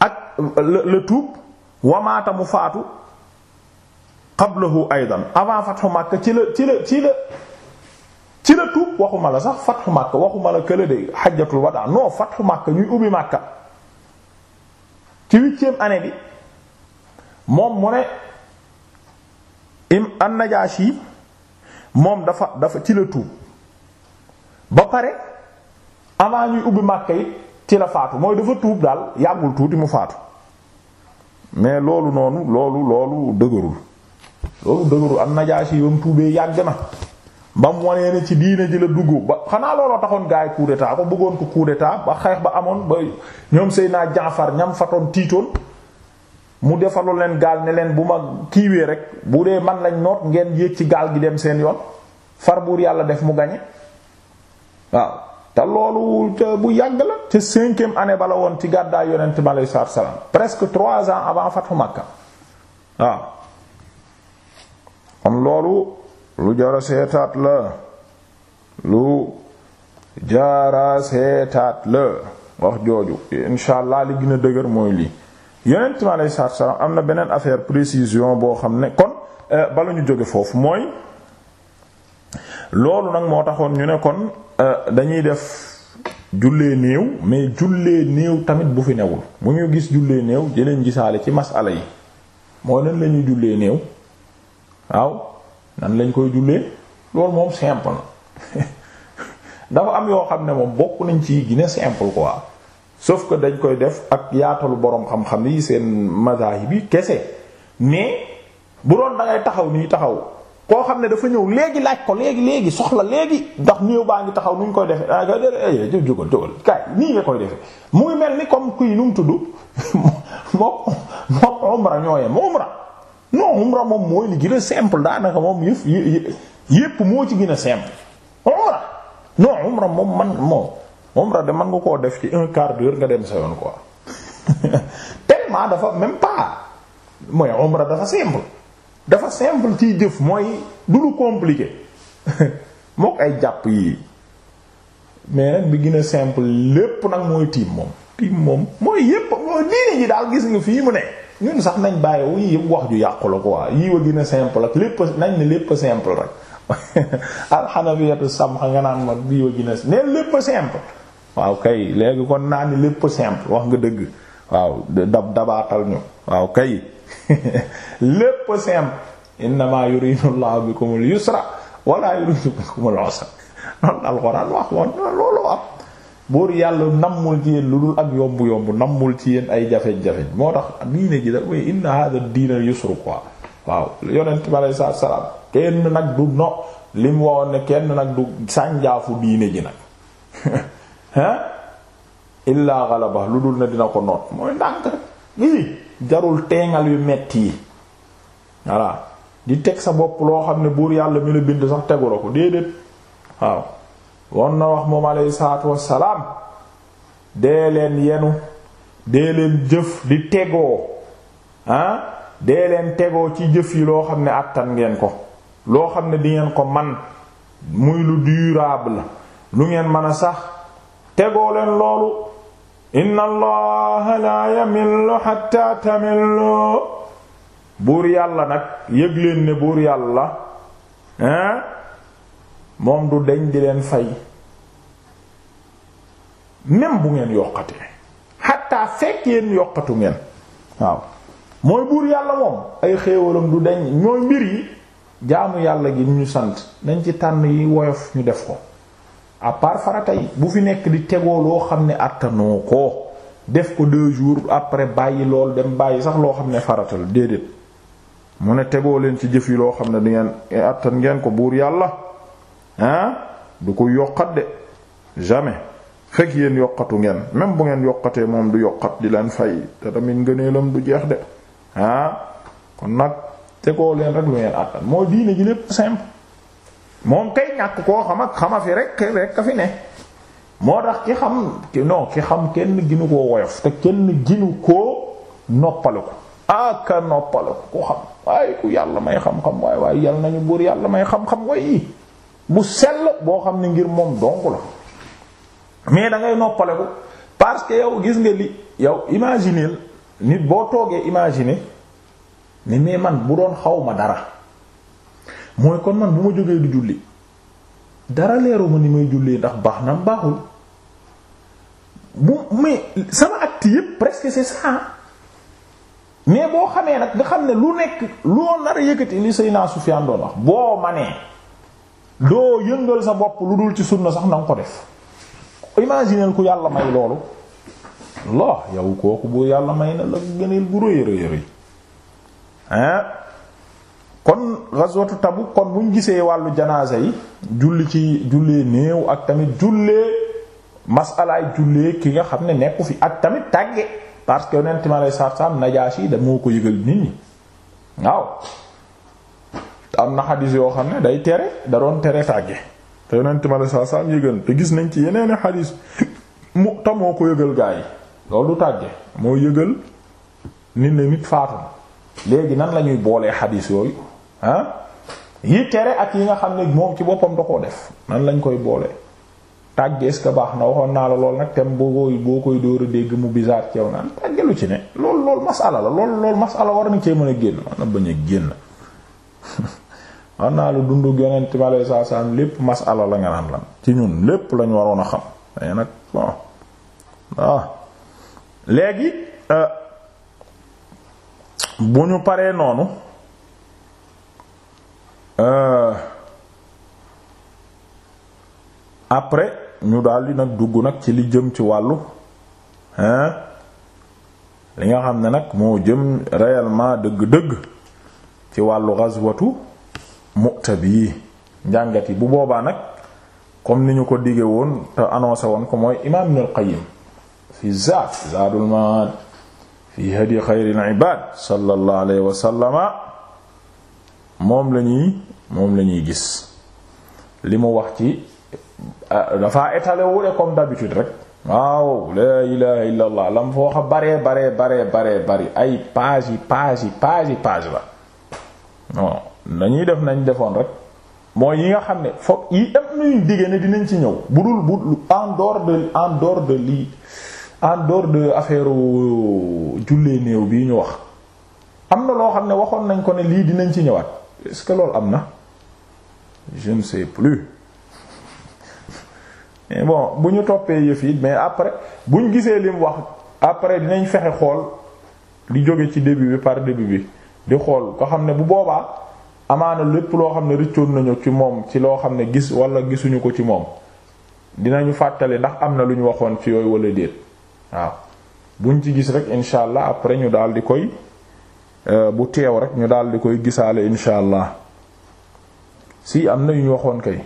ak la tuub wa maata mu faatu qablahu aydan avant fathu Makka ci la ci la ci la tuub waxuma sax fathu Makka waxuma la kële de hajjatul wadaa Makka ñuy ubbi Makka ci huitième année bi moom mu ne im an-Najaashi moom dafa dafa ci la tuub ba pare avant ñuy ubbi Makka yi ci la faatu mooy dafa tuub daal yàggul tuuti mu faatu mais loolu noonu loolu loolu dëgërul loolu dëgërul am Najaasi ba mu tuubee yàgg na ba mu wanee ne ci diine ji la dugg ba xanaa looloo taxoon gaay coup d'état ko bëggoon ko coup ba xeex ba amoon ba ñoom naa Jaafar ñam fatoon tiitoon mu defalu leen gaal ne leen bu ma kiiwee rek bu dee man lañ noot ngeen yéeg ci gaal gi dem seen yoon far buur yàlla def mu gañe waaw te loolu ca bu yàgg la ca cinquième année bala woon ci gàddaay yonent bi aleyhi salaatu wa salaam presque trois ans avant fatu Makka waaw kon loolu lu jara la lu jara la wax jooju insha allah li gën a dëgër mooy lii yonent mi alayhi salaatu salaam am na beneen affaire précision boo xam ne kon euh, bala ñu jóge foofu mooy loolu nag moo taxoon ñu ne kon euh, dañuy def jullee néew mais jullee néew tamit bu fi newul bu ñu gis jullee néew jëleen gisaale ci masala yi mooy nan la jullee néew waaw nan lañ koy jullee loolu moom simple na *laughs* dafa am yoo xam ne moom bokk nañ ci gën a simple quoi sauf ko dañ koy def ak yaatalu boroom xam-xam yi seen mazahib yi kese mais bu doon da taxaw nii taxaw koo xam ne dafa ñëw léegi laaj ko léegi léegi soxla léegi ndax néew baa ngi taxaw nu ñu koy defee ah eh, eh, jógal jógal koy defee mu ngi mel ni comme kuy nu mu tudd *laughs* moom moom umra ñoo yem umra non moom mooy li daanaka moom yëf yëpp moo ci gën a simple umra man moom. umra de man nga koo def ci un quart d'heure nga dem sa yoon quoi *laughs* tellement dafa même pas mooy umra dafa simple dafa simple ciy jëf mooy du lu compliqué *laughs* mook ay jàpp yi mais nag bi gën a simple lépp nag mooy tiim moom tiim moom mooy yépp mooy gis nga fii mu ne ñun sax nañ bàyyi wu yëpp wax ju yàqu la quoi yii wa gën a simple ak lépp nañ ne lépp simple rek *laughs* alxanafiyatu samxa nga naan ma bii wa gën a ne lépp simple waaw kay léegi kon naa ni lépp simple wax nga dëgg waaw dab dabaatal ñu waaw kay *laughs* lépp simple innama yuridu llahu bikumul yusra wala yuridu bikumul usra noonu alxuraan wax woon loolu am buur yàlla nammul ci yéen lu dul ak yombu yombu nammul ci yéen ay jafe-jafe moo tax diine ji da mooy inna hada diina yusru quoi waaw yonent bi aleyhi salaatu salaam kenn nag du no li mu ne kenn nag du sànjaafu diine ji nag *laughs* ah illaa galaba lu dul ne dina ko noot mooy ndànk rek ii jarul teengal yu metti yi voilà di teg sa bopp loo xam ne buur yàlla mi la bind sax tegu la ko déedéet waaw won na wax moom alayhi salaatu wassalaam dee leen yenu dee leen jëf di tegoo ah dee leen tegoo ci jëf yi loo xam ne àttan ngeen ko loo xam ne di ngeen ko man muy lu durable lu ngeen mën sax tegoo leen loolu inna allaha laa yamillu hatta tamillu buur yàlla nag yëg leen ne buur yàlla hein moom du deñ di leen fay même bu ngeen yokkatee hatta fekk yéen yokkatu ngeen waaw mooy buur yàlla moom ay xéewalam du deñ mooy mbir yi jaamu yàlla gi ñu sant nañ ci tànn yi woyof ñu def ko à part farata yi bu fi nekk di tegoo loo xam ne attanoo ko def ko deux jours après bàyyi lool dem bàyyi sax loo xam ne farata la déedéet mu ne tegoo leen ci jëf yi loo xam ne di ngeen eh, attan ngeen ko buur yàlla ah du ko yokkat de jamais fekk yéen yokkatu ngeen même bu ngeen yokkatee moom du yokkat di leen fay te tamit ngëneelam du jeex de ah kon nag tegoo leen rek lu ngeen attan moo diine ji lépp simple moom kay ñàkk koo xam ak xama fi rek rek ka fi ne moo tax ki xam no ki xam kenn ginu koo woyof te kenn ginu koo noppalu ko aka noppalu ko ku xam waaye ku yàlla may xam-xam waaye waaye yàlla nañu buur yàlla may xam-xam way yi bu sell boo xam ne ngir moom dong la mais da ngay noppale parce que yow gis nga li yow imaginer nit boo toogee imagine ni mais man bu doon xaw ma dara mooy kon man bu ma jógee du julli dara leeru ma ni may julli ndax baax na baaxul bu mais sama acte yépp presque c'est ça mais boo xamee nag nga xam ne lu nekk loo nar a yëkkati li Seydina Sufyaan doon wax boo manee doo yëngal sa bopp lu dul ci sunna sax na ko def imaginer ku yàlla may loolu Allah yow kooku bu yàlla may na la gëneel bu rëy rëy rëy kon ghazwatu Tabuk kon bu ñu gisee wàllu janaasa yi julli ci jullee néew ak tamit jullee masalaay jullee ki nga xam ne nekku fi ak tamit tàgge parce que yonent ma lay sarsam yi da moo ko yëgal nit am na xadiis xam ne day tere da te yonent ma lay gis nañ ci yeneeni xadiis mu ta moo ko yëgal gaa yi loolu tàgge moo yëgal nit ne nit faatu léegi nan lañuy boolee xadiis yooyu ah yi tere ak yi nga xam ne moom ci boppam da koo def nan lañ koy boole tàgge est baax na waxoon naa la lool nag tem boo koy boo koy dóor a dégg mu bizarre ceew naan tàgge lu ci ne lool lool masala la lool lool masala war nañ cee mën a génn na bañ a génn man *laughs* naa dundu yonent bi alayhi salaam lépp masala la nga naan lan ci ñun lépp lañu waroon a xam mais nag bon waaw ah. léegi euh, bu ñu paree noonu Euh, après ñu daldi nag dugg nag ci li jëm ci wàllu hein li nga xam ne nag moo jëm réellement dëgg-dëgg ci wàllu ghazwatu Mu'ta bi njàngat yi bu boobaa nag comme ni ñu ko digge woon te annoncé woon ko mooy imaam Ibnul Qayyim fi Zaad Zaadul Ma'aad fi hadi xayril ibaad sallallahu alayhi moom lañuy moom la ñuy gis li mu wax ci ah, dafa étalé wu comme d'habitude rek waaw la ilaha illa allah lam foo xa baree baree baree baree bari ay page yi page yi page yi page la non nañuy def nañ defoon rek mooy yi nga xam ne foog yi am dinañ ci ñëw bu dul bu en dehors de en dehors lii en dehors de affaire néew bii ñu wax am na loo xam ne waxoon nañ ko ne lii dinañ ci ñëwaat est que loolu am na je ne sais bu ñu toppee yëf yi mais après bu ñu gisee li mu wax après dinañ fexe xool di jóge ci début bi par début bi di xool ko xam ne bu boobaa amaana lépp loo xam ne rëccoon nañu ci moom ci loo xam ne gis wala gisuñu ko ci moom dinañu fàttali ndax am na lu ñu waxoon ci yooyu wala déet waaw buñ ci gis rek incha allah après ñu daal di koy. Euh, bu teew rek ñu daal di koy gisaale insha allah si am na yu ñu waxoon kay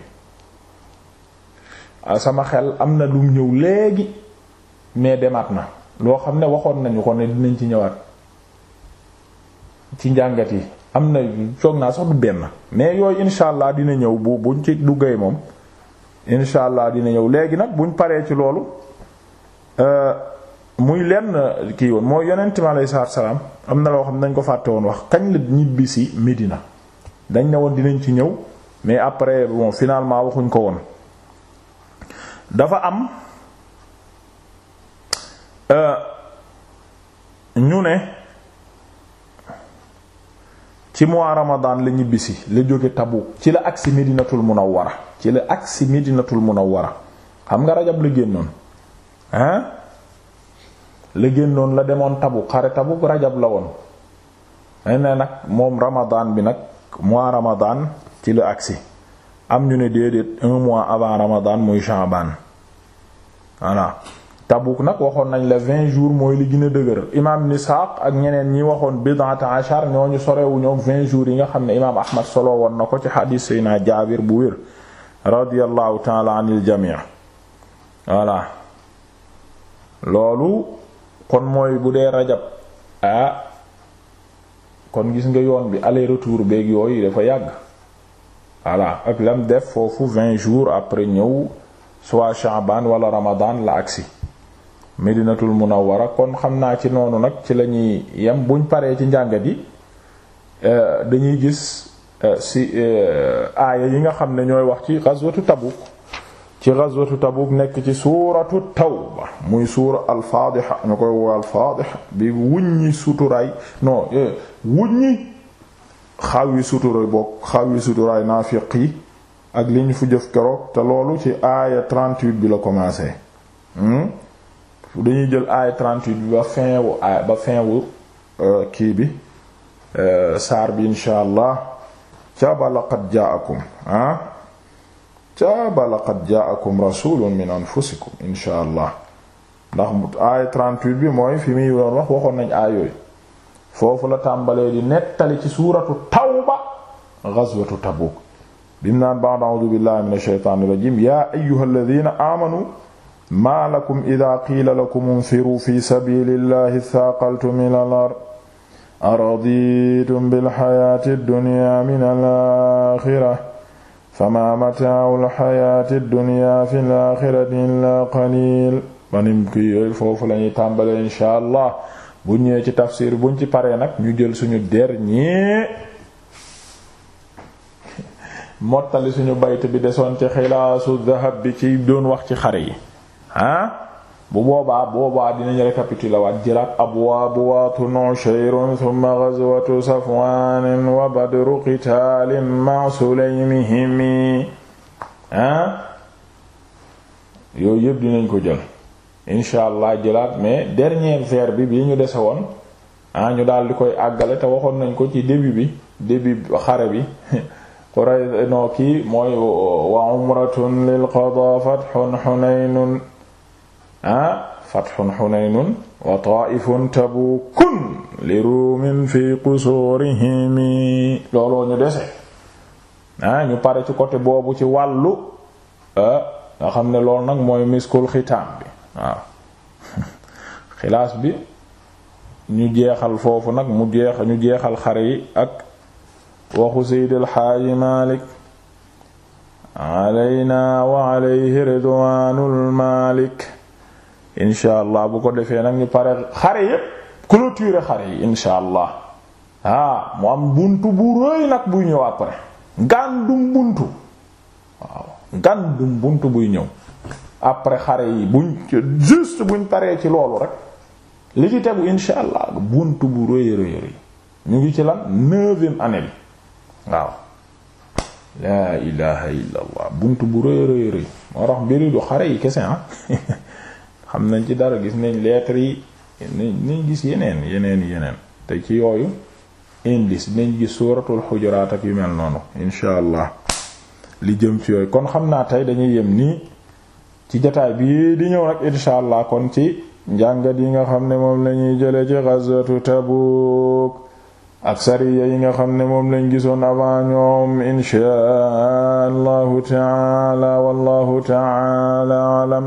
ah, sama xel am na lu ñëw léegi mais demaat na loo xam ne waxoon nañu ko ne dinañ ci ñëwaat ci njàngat yi am na soog naa sax du benn mais yooyu insha allah dina ñëw bu buñ ci duggee moom insha allah dina ñëw léegi nag buñ paree ci loolu. Euh, muy lenn kii woon mooy yonent mi alayhi salaatu salaam am na loo xam nañ ko fàtte woon wax kañ la ñibbisi Medina dañ ne woon dinañ ci ñëw mais après bon finalement waxuñ ko woon dafa am euh, ñu ne ci mois Ramadan la ñibbisi la jóge tabu ci la agsi Medinatul Munawwara ci la agsi Medinatul Munawwara xam nga rajab la génnoon hein la génnoon la demoon tabu xare tabu rajab la woon ne nag moom ramadan bi nag mois ramadan ci la agsi am ñu ne déedéet un mois avant ramadan muy sha'ban voilà tabuk nag waxoon nañ la vingt jours mooy li gën a dëgër imaam Nisaaq ak ñeneen ñi waxoon à bid'ata ashar ñooñu sorewu ñoom vingt jours yi nga xam ne imaam Ahmad solo woon na ko ci xadiis Seydina Jaabir bu wér radiyallahu taala anil jamii voilà loolu kon mooy bu dee rajab ah kon gis nga yoon bi aller retour beeg yooyu dafa yàgg voilà ak lam def foofu vingt jours après ñëw soit Shaaban wala Ramadan la agsi Medinatul Munawwara kon xam naa ci noonu nag ci lañuy yem buñ paree ci njàngat yi euh, dañuy gis euh, si euh, aaya yi nga xam ne ñooy wax ci ghazwatu Tabuk ci ghazwatu Tabuk nekk ci suuratu tawba muy suura al ñu koy woo al bi wuññi suturaay non eh, wuññi xawi suturaay bokk xawi suturaay naafiq ak li ñu fu jëf keroog te loolu ci aaya 38 bi la commencé hmm? dañuy jël aaya 38 bi ba fin wu ba fin euh, kii bi euh, saar bi insha allah ca ba laqad jaakum ah caaba laqad jaakum rasulun min anfusikum insha allah ndax aaya 38 bi mooy fi muy yoon wax waxoon nañ aay yooyu foofu la tàmbalee di nettali ci suuratu tawba ghazwatu tabuk bim naan ba'd a'udhu billahi minash shaytanir rajim ya ayyuhalladhina amanu ma lakum idha qila lakum infiru fi sabilillahi thaqaltum ila al-ard araditum bil hayati ad-dunya min al-akhirah famaa mataaul xayaati dunya fi l illaa qalil manim kii yooyu foofu lañuy tàmbale incha allah bu ñëwee ci tafsir buñ ci paree nag ñu jël suñu dernier *laughs* mottali suñu bayt bi desoon ci xilaasu dahab bi ci doon wax ci xare yi bu boobaa boobaa dinañ récapituler waat jëlaat abwaabu waatun ushayrun thumma ghazwatu safwaanin wa badru qitaalin ma sulaymihimi ah yooyu yëpp dinañ ko jël incha allah jëlaat mais dernier vers bi bii ñu dese woon ñu daal di koy àggale te waxoon nañ ko ci début bi début xare bi *laughs* Quraysh noo mooy wa umratun lil qadaa fathun Hunayn ah fathun hunaynun wa ta'ifun tabukun li ruumin fi qusurihimi looloo ñu dese ah ñu pare ci côté boobu ci wàllu ah nga xam ne loolu nag mooy miskul xitaam bi waaw *laughs* xilaas bi ñu jeexal foofu nag mu jeex ñu jeexal xare yi ak waxu Seydil Xaaji Maalik alayna wa alayhi ridwaanul Maalik incha allah bu ko defee nag ñu pare xare yépp clôturer xare yi incha allah ah mu am buntu bu rëy nag buy ñëw après gàndum buntu waaw gàndum buntu buy ñëw après xare yi buñ juste buñ paree ci loolu rek li ci tegu incha allah buntu bu rëy rëy rëy ñu ngi ci la neuvième année bi waaw laa ilaha illa buntu bu rëy rëy rëy moo tax mbiri du xare yi kese ah *laughs* xam nañ ci dara gis nañ lettres yi nañ gis yeneen yeneen yeneen te ci yooyu indice nañ gis suuratul xujuraat ak yu mel noonu incha allah li jëm ci yooyu kon xam naa tey dañuy yem nii ci jataay bi di ñëw nag incha allah kon ci njàngat yi nga xam ne moom lañuy jële ci ghazwatu Tabuk ak sariya yi nga xam ne moom lañ gisoon avant ñoom incha allahu taala wallahu taala alam